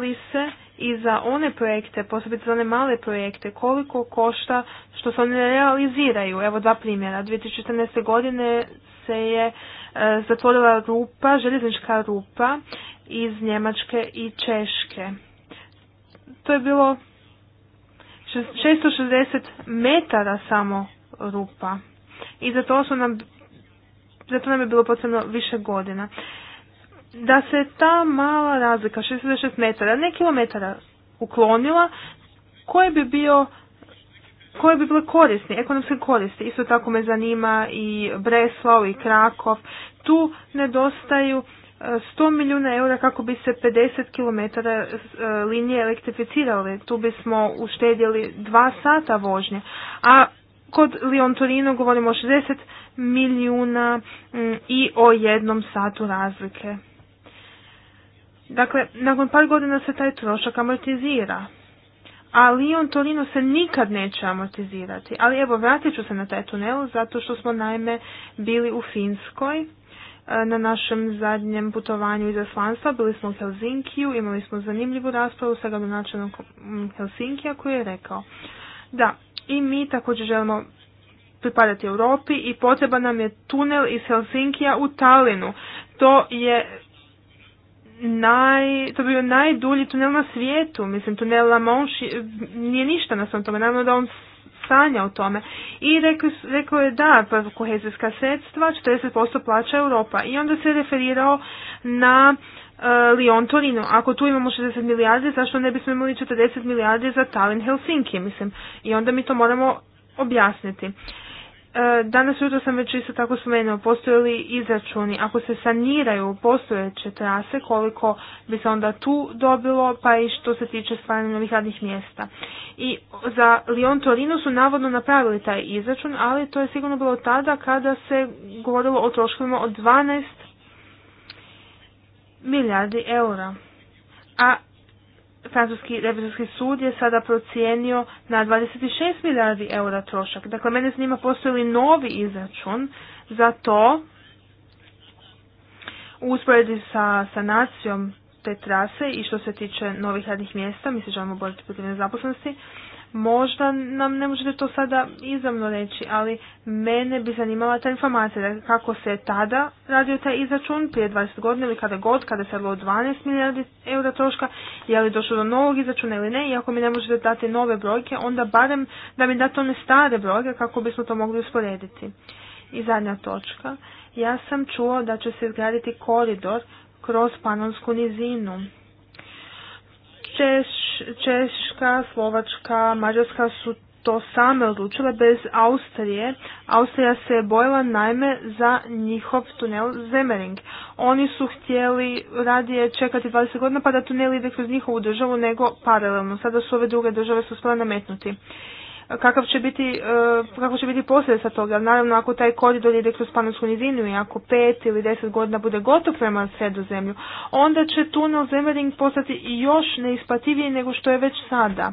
li se i za one projekte, posebno za one male projekte, koliko košta što se oni realiziraju. Evo dva primjera. 2014. godine se je e, zatvorila rupa, željeznička rupa iz Njemačke i Češke. To je bilo 660 metara samo rupa. I za to, su nam, za to nam je bilo potrebno više godina. Da se ta mala razlika, 66 metara, ne kilometara, uklonila, koje bi bio koje bi bile korisni, ekonomske koristi. Isto tako me zanima i Breslau i Krakov. Tu nedostaju 100 milijuna eura kako bi se 50 km e, linije elektrificirali. Tu bismo uštedjeli dva sata vožnje. A kod Lyon Torino govorimo o 60 milijuna i o jednom satu razlike. Dakle, nakon par godina se taj trošak amortizira. A Lyon Torino se nikad neće amortizirati. Ali evo, vratit ću se na taj tunel zato što smo naime bili u Finskoj na našem zadnjem putovanju iz Aslanstva. Bili smo u Helsinkiju, imali smo zanimljivu raspravu sa gradonačelom Helsinkija koji je rekao da i mi također želimo pripadati Europi i potreba nam je tunel iz Helsinkija u Talinu. To je naj, to bio najdulji tunel na svijetu. Mislim, tunel La Manche nije ništa na svom tome. Naravno da on sanja o tome. I rekao, rekao je da, pa kohezijska sredstva 40% plaća Europa. I onda se referirao na uh, Lyon Torino. Ako tu imamo 60 milijardi, zašto ne bismo imali 40 milijardi za Tallinn Helsinki, mislim. I onda mi to moramo objasniti. E, danas jutro sam već isto tako spomenuo, postoje li izračuni, ako se saniraju postojeće trase, koliko bi se onda tu dobilo, pa i što se tiče stvaranja novih radnih mjesta i za Lyon Torino su navodno napravili taj izračun, ali to je sigurno bilo tada kada se govorilo o troškovima od 12 milijardi eura. A Francuski revizorski sud je sada procijenio na 26 milijardi eura trošak. Dakle, mene zanima postoji li novi izračun za to u usporedi sa sanacijom te trase i što se tiče novih radnih mjesta, mi se želimo boriti protiv nezaposlenosti, možda nam ne možete to sada izravno reći, ali mene bi zanimala ta informacija dakle, kako se tada radio taj izračun prije 20 godina ili kada god, kada se bilo 12 milijardi eura troška, je li došlo do novog izračuna ili ne, i ako mi ne možete dati nove brojke, onda barem da mi date one stare brojke kako bismo to mogli usporediti. I zadnja točka, ja sam čuo da će se izgraditi koridor kroz panonsku nizinu. Češ, Češka, Slovačka, Mađarska su to same odlučile bez Austrije. Austrija se bojila najme za njihov tunel Zemering. Oni su htjeli radije čekati 20 godina pa da tunel ide kroz njihovu državu nego paralelno. Sada su ove druge države su uspjele nametnuti kakav će biti, e, kako će biti posljedica toga. Naravno, ako taj koridor ide kroz Panonsku nizinu i ako pet ili deset godina bude gotov prema zemlju, onda će tunel Zemering postati još neisplativiji nego što je već sada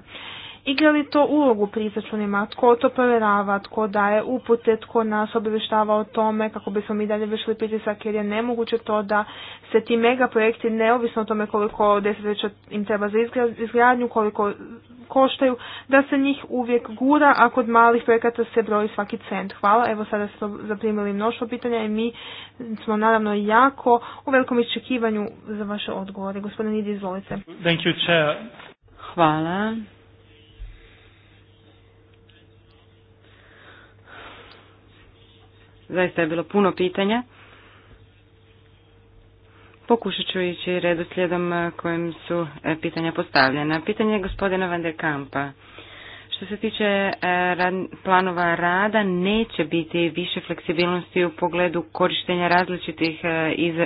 igra li to ulogu pri izračunima? Tko to provjerava, tko daje upute, tko nas obavještava o tome kako bismo mi dalje vršili pritisak jer je nemoguće to da se ti megaprojekti neovisno o tome koliko desetljeća im treba za izgradnju, koliko koštaju, da se njih uvijek gura, a kod malih projekata se broji svaki cent. Hvala, evo sada smo zaprimili mnoštvo pitanja i mi smo naravno jako u velikom iščekivanju za vaše odgovore. Gospodin Idi, izvolite. Hvala. Zaista je bilo puno pitanja. Pokušat ću ići slijedom eh, kojim su eh, pitanja postavljena. Pitanje je gospodina Van der Kampa. Što se tiče eh, planova rada, neće biti više fleksibilnosti u pogledu korištenja različitih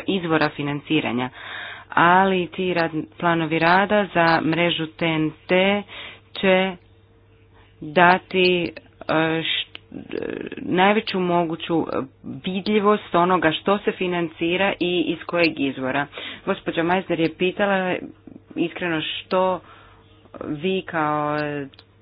izvora financiranja, ali ti planovi rada za mrežu TNT će dati najveću moguću vidljivost onoga što se financira i iz kojeg izvora. Gospođa Majzner je pitala iskreno što vi kao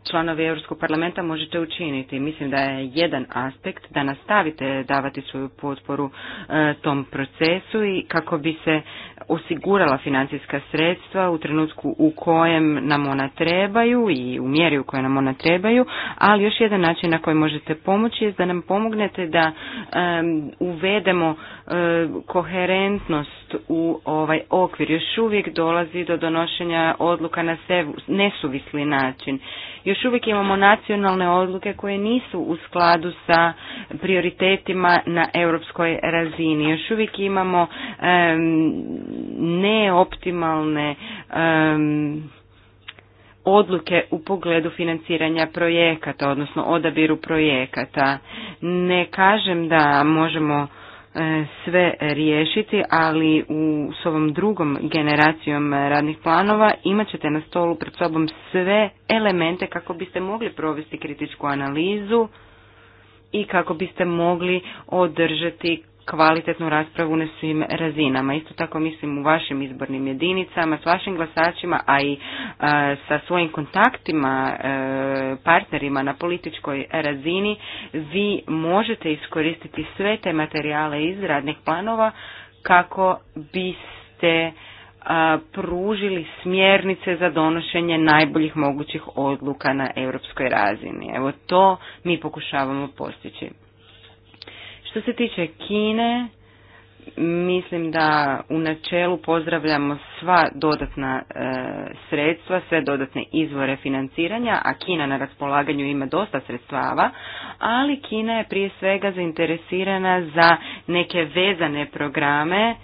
članovi Europskog parlamenta možete učiniti. Mislim da je jedan aspekt da nastavite davati svoju potporu e, tom procesu i kako bi se osigurala financijska sredstva u trenutku u kojem nam ona trebaju i u mjeri u kojoj nam ona trebaju, ali još jedan način na koji možete pomoći je da nam pomognete da uvedemo e, koherentnost u ovaj okvir. Još uvijek dolazi do donošenja odluka na sev, nesuvisli način još uvijek imamo nacionalne odluke koje nisu u skladu sa prioritetima na europskoj razini. Još uvijek imamo neoptimalne odluke u pogledu financiranja projekata, odnosno odabiru projekata. Ne kažem da možemo E, sve riješiti, ali u, s ovom drugom generacijom radnih planova imat ćete na stolu pred sobom sve elemente kako biste mogli provesti kritičku analizu i kako biste mogli održati kvalitetnu raspravu na svim razinama. Isto tako mislim u vašim izbornim jedinicama, s vašim glasačima, a i e, sa svojim kontaktima, e, partnerima na političkoj razini, vi možete iskoristiti sve te materijale iz radnih planova kako biste e, pružili smjernice za donošenje najboljih mogućih odluka na europskoj razini. Evo to mi pokušavamo postići. Što se tiče Kine, mislim da u načelu pozdravljamo sva dodatna e, sredstva, sve dodatne izvore financiranja, a Kina na raspolaganju ima dosta sredstava, ali Kina je prije svega zainteresirana za neke vezane programe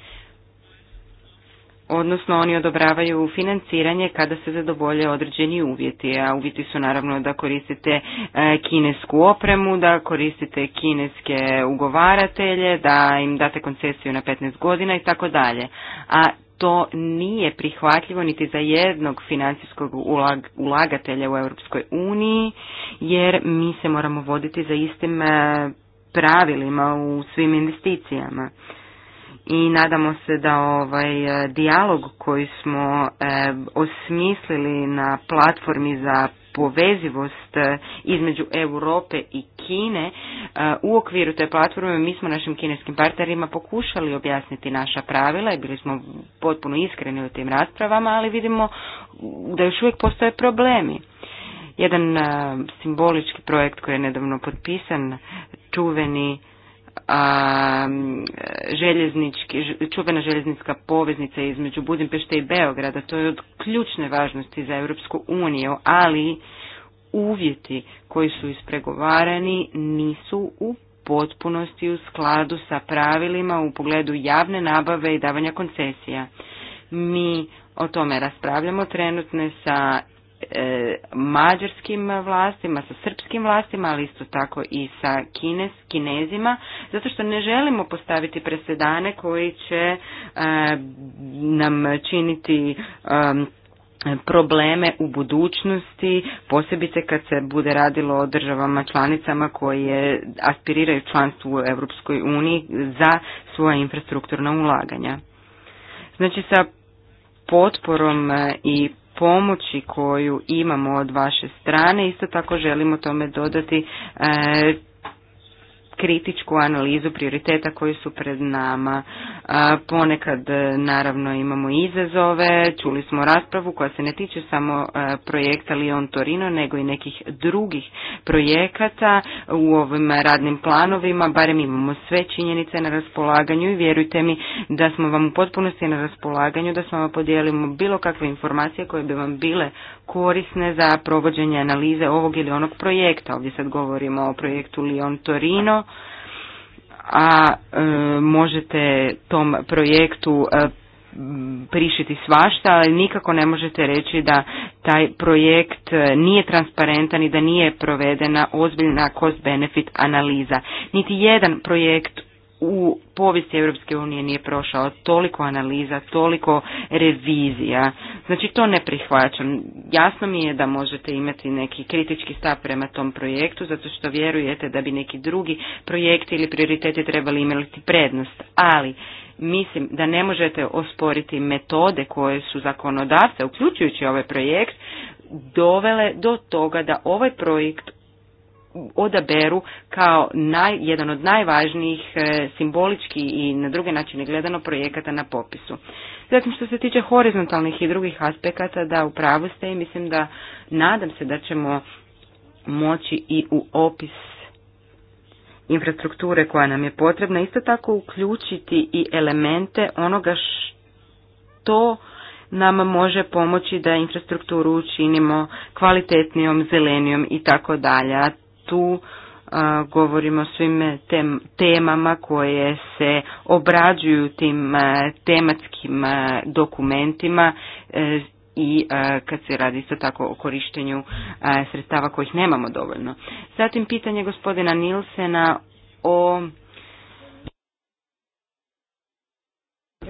odnosno oni odobravaju financiranje kada se zadovolje određeni uvjeti, a uvjeti su naravno da koristite e, kinesku opremu, da koristite kineske ugovaratelje, da im date koncesiju na 15 godina i tako dalje. A to nije prihvatljivo niti za jednog financijskog ulagatelja u Europskoj uniji, jer mi se moramo voditi za istim e, pravilima u svim investicijama i nadamo se da ovaj e, dijalog koji smo e, osmislili na platformi za povezivost e, između Europe i Kine. U okviru te platforme mi smo našim kineskim partnerima pokušali objasniti naša pravila i bili smo potpuno iskreni u tim raspravama, ali vidimo da još uvijek postoje problemi. Jedan simbolički projekt koji je nedavno potpisan, čuveni a, željeznički, čuvena željeznička poveznica između Budimpešte i Beograda, to je od ključne važnosti za Europsku uniju, ali uvjeti koji su ispregovarani nisu u potpunosti u skladu sa pravilima u pogledu javne nabave i davanja koncesija. Mi o tome raspravljamo trenutne sa E, mađarskim vlastima, sa srpskim vlastima, ali isto tako i sa kinezima, zato što ne želimo postaviti presedane koji će e, nam činiti probleme u budućnosti, posebice kad se bude radilo o državama članicama koje aspiriraju članstvu u Europskoj uniji za svoja infrastrukturna ulaganja. Znači sa potporom e, i pomoći koju imamo od vaše strane. Isto tako želimo tome dodati e, kritičku analizu prioriteta koji su pred nama. Ponekad e, naravno imamo izazove, čuli smo raspravu koja se ne tiče samo e, projekta Lion Torino nego i nekih drugih projekata u ovim radnim planovima, barem imamo sve činjenice na raspolaganju i vjerujte mi da smo vam u potpunosti na raspolaganju, da s vama podijelimo bilo kakve informacije koje bi vam bile korisne za provođenje analize ovog ili onog projekta. Ovdje sad govorimo o projektu Lyon Torino, a e, možete tom projektu e, prišiti svašta, ali nikako ne možete reći da taj projekt e, nije transparentan i da nije provedena ozbiljna cost benefit analiza. Niti jedan projekt u povijesti Europske unije nije prošao toliko analiza, toliko revizija. Znači to ne prihvaćam. Jasno mi je da možete imati neki kritički stav prema tom projektu zato što vjerujete da bi neki drugi projekti ili prioriteti trebali imati prednost, ali mislim da ne možete osporiti metode koje su zakonodavce, uključujući ovaj projekt, dovele do toga da ovaj projekt odaberu kao naj, jedan od najvažnijih e, simbolički i na druge načine gledano projekata na popisu. Zatim što se tiče horizontalnih i drugih aspekata, da pravu ste i mislim da nadam se da ćemo moći i u opis infrastrukture koja nam je potrebna, isto tako uključiti i elemente onoga što nam može pomoći da infrastrukturu učinimo kvalitetnijom, zelenijom i tako dalje tu govorimo o svim temama koje se obrađuju tim tematskim dokumentima e, i kad se radi isto tako o korištenju sredstava kojih nemamo dovoljno. Zatim pitanje gospodina Nilsena o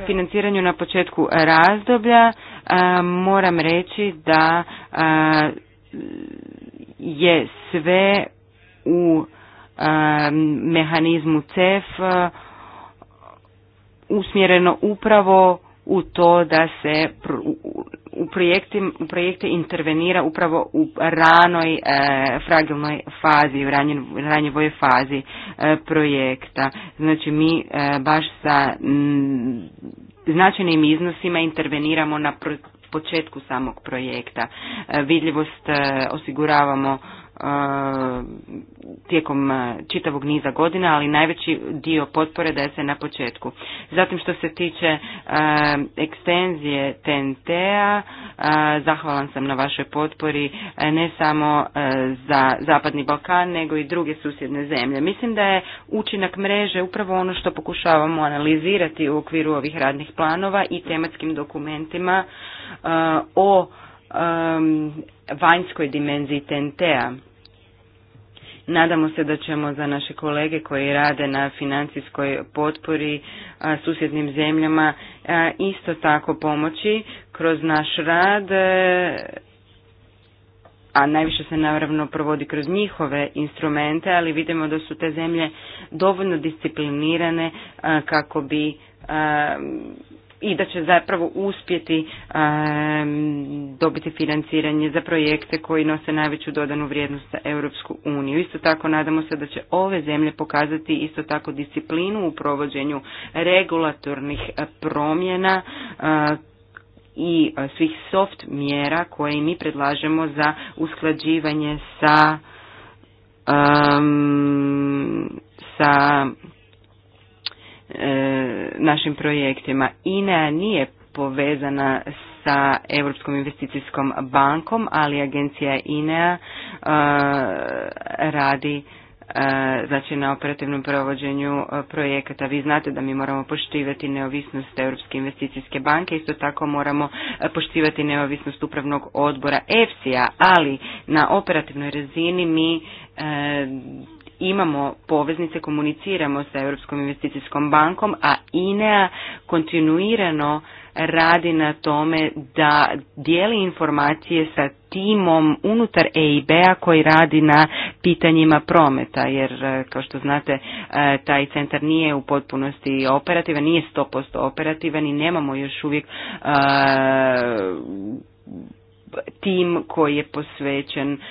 financiranju na početku razdoblja. Moram reći da je sve u mehanizmu CEF eh, usmjereno upravo u to da se u projekte, u projekte intervenira upravo u ranoj eh, fragilnoj fazi, u ranjivoj fazi eh, projekta. Znači mi baš sa značajnim iznosima interveniramo na početku samog projekta. Vidljivost osiguravamo tijekom čitavog niza godina, ali najveći dio potpore daje se na početku. Zatim što se tiče ekstenzije TNT-a, zahvalan sam na vašoj potpori ne samo za Zapadni Balkan, nego i druge susjedne zemlje. Mislim da je učinak mreže upravo ono što pokušavamo analizirati u okviru ovih radnih planova i tematskim dokumentima o vanjskoj dimenziji TNT-a. Nadamo se da ćemo za naše kolege koji rade na financijskoj potpori susjednim zemljama isto tako pomoći kroz naš rad, e, a najviše se naravno provodi kroz njihove instrumente, ali vidimo da su te zemlje dovoljno disciplinirane kako bi i da će zapravo uspjeti dobiti financiranje za projekte koji nose najveću dodanu vrijednost za Europsku uniju. Isto tako nadamo se da će ove zemlje pokazati isto tako disciplinu u provođenju regulatornih promjena i svih soft mjera koje mi predlažemo za usklađivanje sa um, sa E, našim projektima. INEA nije povezana sa Europskom investicijskom bankom, ali agencija INEA e, radi e, znači na operativnom provođenju projekata. Vi znate da mi moramo poštivati neovisnost Europske investicijske banke, isto tako moramo poštivati neovisnost upravnog odbora EFSI-a, ali na operativnoj razini mi imamo poveznice, komuniciramo sa Europskom investicijskom bankom, a INEA kontinuirano radi na tome da dijeli informacije sa timom unutar EIB-a koji radi na pitanjima prometa, jer e, kao što znate e, taj centar nije u potpunosti operativan, nije 100% operativan i nemamo još uvijek e, tim koji je posvećen uh,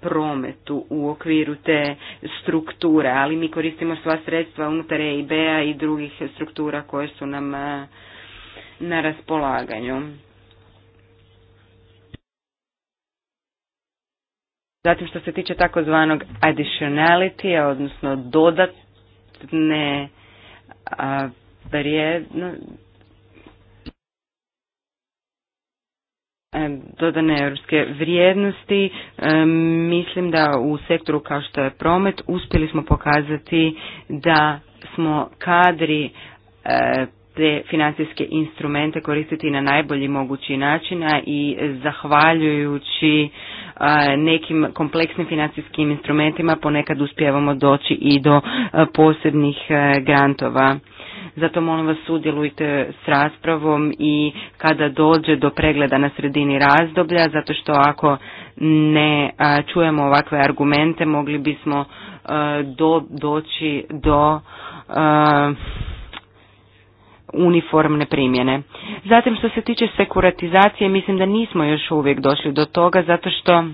prometu u okviru te strukture, ali mi koristimo sva sredstva unutar EIB-a i drugih struktura koje su nam uh, na raspolaganju. Zatim što se tiče takozvanog additionality, odnosno dodatne uh, a, vrijednosti, E, dodane europske vrijednosti. E, mislim da u sektoru kao što je promet uspjeli smo pokazati da smo kadri e, te financijske instrumente koristiti na najbolji mogući način i zahvaljujući nekim kompleksnim financijskim instrumentima ponekad uspijevamo doći i do posebnih grantova. Zato molim vas sudjelujte s raspravom i kada dođe do pregleda na sredini razdoblja, zato što ako ne čujemo ovakve argumente mogli bismo do, doći do uniformne primjene. Zatim što se tiče sekuratizacije, mislim da nismo još uvijek došli do toga zato što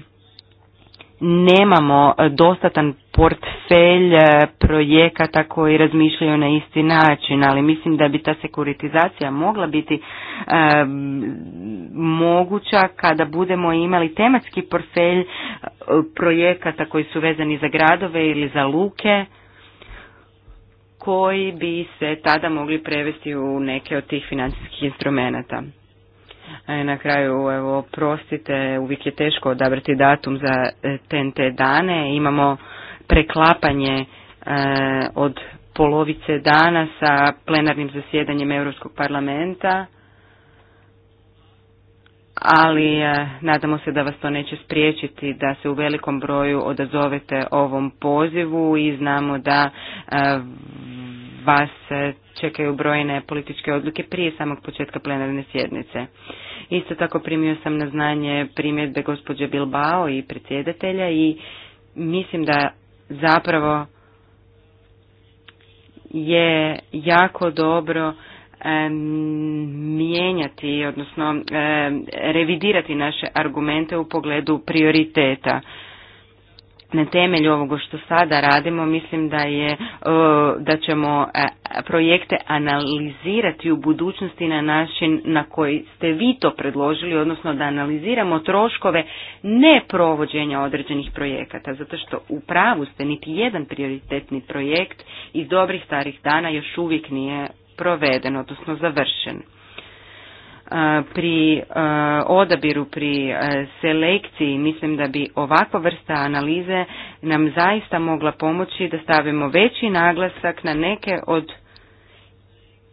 nemamo e, dostatan portfelj e, projekata koji razmišljaju na isti način, ali mislim da bi ta sekuritizacija mogla biti e, moguća kada budemo imali tematski portfelj projekata koji su vezani za gradove ili za luke koji bi se tada mogli prevesti u neke od tih financijskih instrumenata. E, na kraju, evo, prostite, uvijek je teško odabrati datum za te dane. Imamo preklapanje e, od polovice dana sa plenarnim zasjedanjem Europskog parlamenta, ali e, nadamo se da vas to neće spriječiti da se u velikom broju odazovete ovom pozivu i znamo da vas čekaju brojne političke odluke prije samog početka plenarne sjednice. Isto tako primio sam na znanje primjedbe gospođe Bilbao i predsjedatelja i mislim da zapravo je jako dobro mijenjati, odnosno revidirati naše argumente u pogledu prioriteta na temelju ovoga što sada radimo mislim da je e, da ćemo e, projekte analizirati u budućnosti na način na koji ste vi to predložili odnosno da analiziramo troškove neprovođenja određenih projekata zato što u pravu ste niti jedan prioritetni projekt iz dobrih starih dana još uvijek nije proveden odnosno završen pri odabiru, pri selekciji, mislim da bi ovakva vrsta analize nam zaista mogla pomoći da stavimo veći naglasak na neke od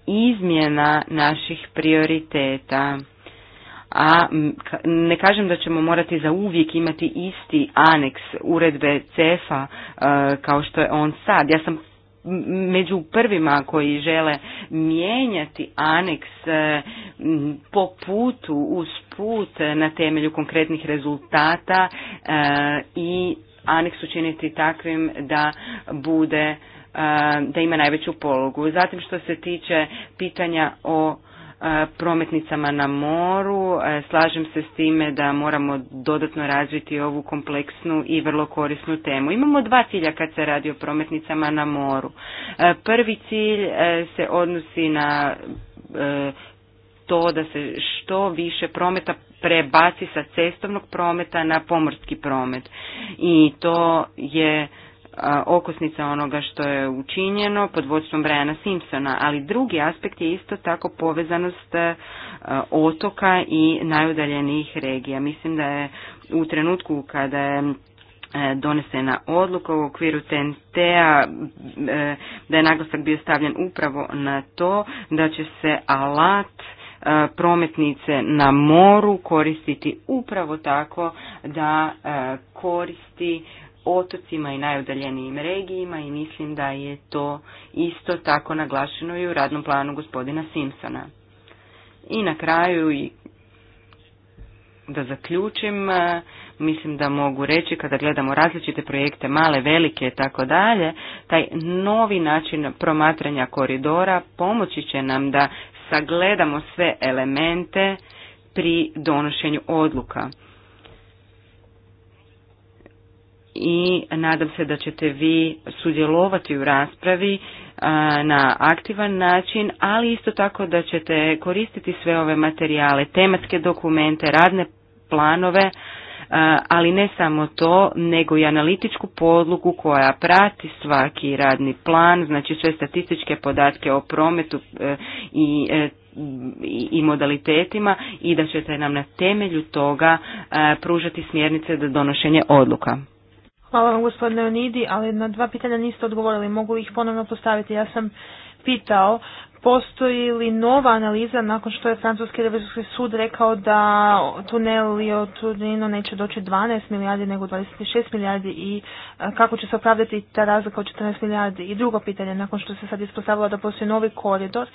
izmjena naših prioriteta. A ne kažem da ćemo morati za uvijek imati isti aneks uredbe CEFA kao što je on sad. Ja sam među prvima koji žele mijenjati aneks e, po putu, uz put e, na temelju konkretnih rezultata e, i aneks učiniti takvim da bude da ima najveću pologu. Zatim što se tiče pitanja o E, prometnicama na moru. E, slažem se s time da moramo dodatno razviti ovu kompleksnu i vrlo korisnu temu. Imamo dva cilja kad se radi o prometnicama na moru. E, prvi cilj se odnosi na to da se što više prometa prebaci sa cestovnog prometa na pomorski promet. I to je okosnica onoga što je učinjeno pod vodstvom Briana Simpsona, ali drugi aspekt je isto tako povezanost e, otoka i najudaljenijih regija. Mislim da je u trenutku kada je e, donesena odluka u okviru TNT-a, e, da je naglasak bio stavljen upravo na to da će se alat prometnice na moru koristiti upravo tako da koristi otocima i najudaljenijim regijima i mislim da je to isto tako naglašeno i u radnom planu gospodina Simpsona. I na kraju da zaključim, mislim da mogu reći kada gledamo različite projekte, male, velike i tako dalje, taj novi način promatranja koridora pomoći će nam da sagledamo sve elemente pri donošenju odluka i nadam se da ćete vi sudjelovati u raspravi na aktivan način, ali isto tako da ćete koristiti sve ove materijale, tematske dokumente, radne planove, ali ne samo to, nego i analitičku podlogu koja prati svaki radni plan, znači sve statističke podatke o prometu e, e, i i modalitetima i da ćete nam na temelju toga e, pružati smjernice za donošenje odluka. Hvala vam gospodine Onidi, ali na dva pitanja niste odgovorili. Mogu ih ponovno postaviti. Ja sam pitao postoji li nova analiza nakon što je Francuski revizorski sud rekao da tunel i od neće doći 12 milijardi nego 26 milijardi i e, kako će se opravdati ta razlika od 14 milijardi. I drugo pitanje, nakon što se sad ispostavilo da postoji novi koridor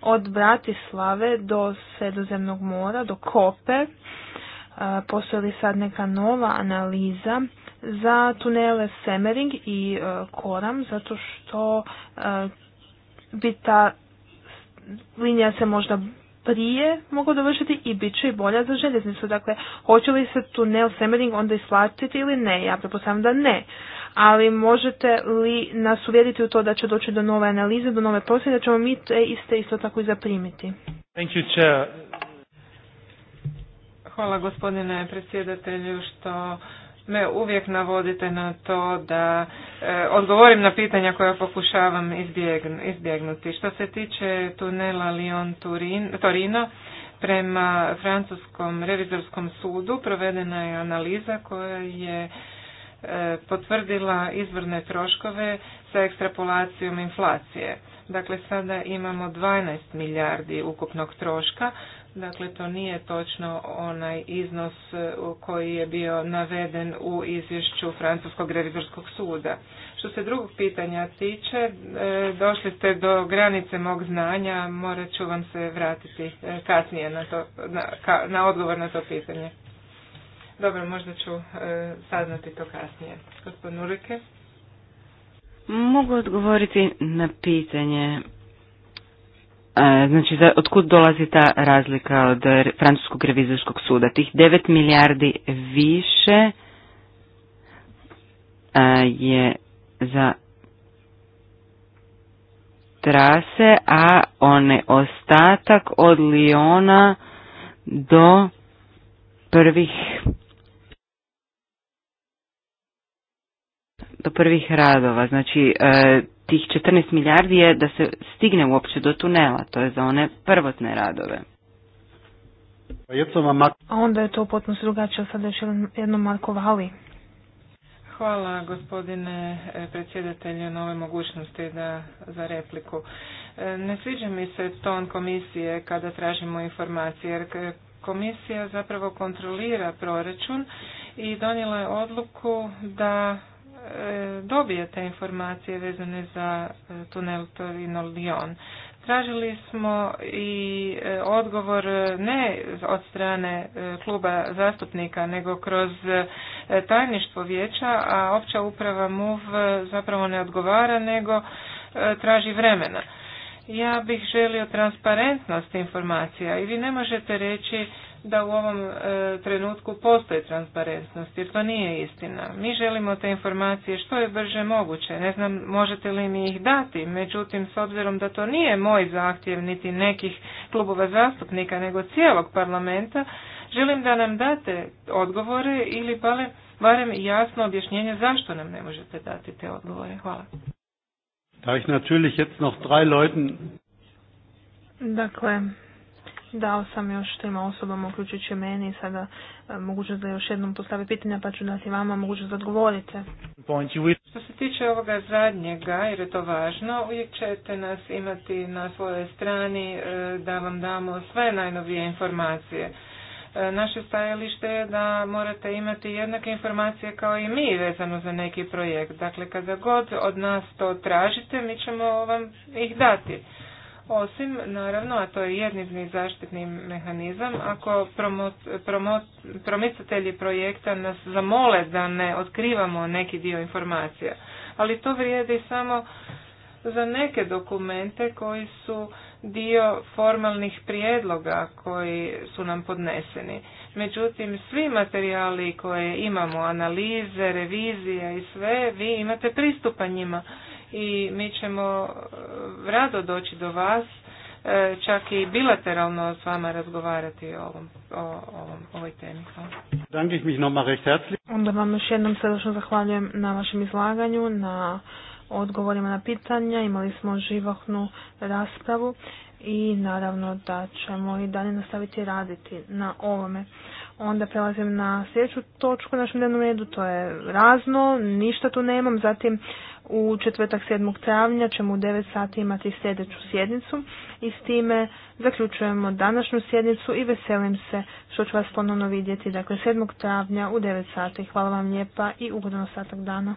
od Bratislave do Sredozemnog mora, do Kope, e, postoji li sad neka nova analiza za tunele Semering i e, Koram, zato što e, bi ta linija se možda prije mogla dovršiti i bit će i bolja za željeznicu. Dakle, hoće li se tunel Semering onda isplatiti ili ne? Ja prepostavljam da ne. Ali možete li nas uvjeriti u to da će doći do nove analize, do nove posljednje, da ćemo mi te iste isto tako i zaprimiti? Thank you, chair. Hvala gospodine predsjedatelju što me uvijek navodite na to da e, odgovorim na pitanja koja pokušavam izbjegnuti. Što se tiče tunela Lyon-Torino, prema Francuskom revizorskom sudu provedena je analiza koja je e, potvrdila izvorne troškove sa ekstrapolacijom inflacije. Dakle, sada imamo 12 milijardi ukupnog troška, Dakle, to nije točno onaj iznos e, koji je bio naveden u izvješću Francuskog revizorskog suda. Što se drugog pitanja tiče, e, došli ste do granice mog znanja, morat ću vam se vratiti e, kasnije na, to, na, na odgovor na to pitanje. Dobro, možda ću saznati to kasnije. Gospodin Nurike? Mogu odgovoriti na pitanje Znači, za, dolazi ta razlika od Francuskog revizorskog suda? Tih 9 milijardi više je za trase, a one ostatak od Liona do prvih do prvih radova. Znači, e, tih 14 milijardi je da se stigne uopće do tunela, to je za one prvotne radove. Pa A onda je to potpuno drugačije, sada još jednom Marko Hvala gospodine e, predsjedatelju na ovoj mogućnosti da, za repliku. E, ne sviđa mi se ton komisije kada tražimo informacije, jer komisija zapravo kontrolira proračun i donijela je odluku da E, dobije te informacije vezane za e, tunel Torino Lyon. Tražili smo i e, odgovor ne od strane kluba zastupnika, nego kroz tajništvo vijeća, a opća uprava MUV zapravo ne odgovara, nego traži vremena. Ja bih želio transparentnost informacija i vi ne možete reći da u ovom e, trenutku postoji transparentnost, jer to nije istina. Mi želimo te informacije što je brže moguće. Ne znam možete li mi ih dati, međutim, s obzirom da to nije moj zahtjev niti nekih klubova zastupnika, nego cijelog parlamenta, želim da nam date odgovore ili pale barem jasno objašnjenje zašto nam ne možete dati te odgovore. Hvala. Da ih natürlich jetzt noch drei Leuten... Dakle, Dao sam još trima osobama, uključujući meni, i sada e, mogućnost da još jednom postavi pitanja, pa ću dati vama mogućnost da odgovorite. Što se tiče ovoga zadnjega, jer je to važno, uvijek ćete nas imati na svojoj strani e, da vam damo sve najnovije informacije. E, naše stajalište je da morate imati jednake informacije kao i mi vezano za neki projekt. Dakle, kada god od nas to tražite, mi ćemo vam ih dati. Osim, naravno, a to je jednizni zaštitni mehanizam, ako promot, promicatelji projekta nas zamole da ne otkrivamo neki dio informacija, ali to vrijedi samo za neke dokumente koji su dio formalnih prijedloga koji su nam podneseni. Međutim, svi materijali koje imamo, analize, revizije i sve, vi imate pristupa njima i mi ćemo e, rado doći do vas, e, čak i bilateralno s vama razgovarati o, ovom, o ovom, ovoj temi. Onda vam još jednom srdačno zahvaljujem na vašem izlaganju, na odgovorima na pitanja. Imali smo živahnu raspravu i naravno da ćemo i dalje nastaviti raditi na ovome. Onda prelazim na sljedeću točku našem dnevnom redu, to je razno, ništa tu nemam, zatim u četvrtak 7. travnja ćemo u 9 sati imati sljedeću sjednicu i s time zaključujemo današnju sjednicu i veselim se što ću vas ponovno vidjeti, dakle 7. travnja u 9 sati. Hvala vam lijepa i ugodan ostatak dana.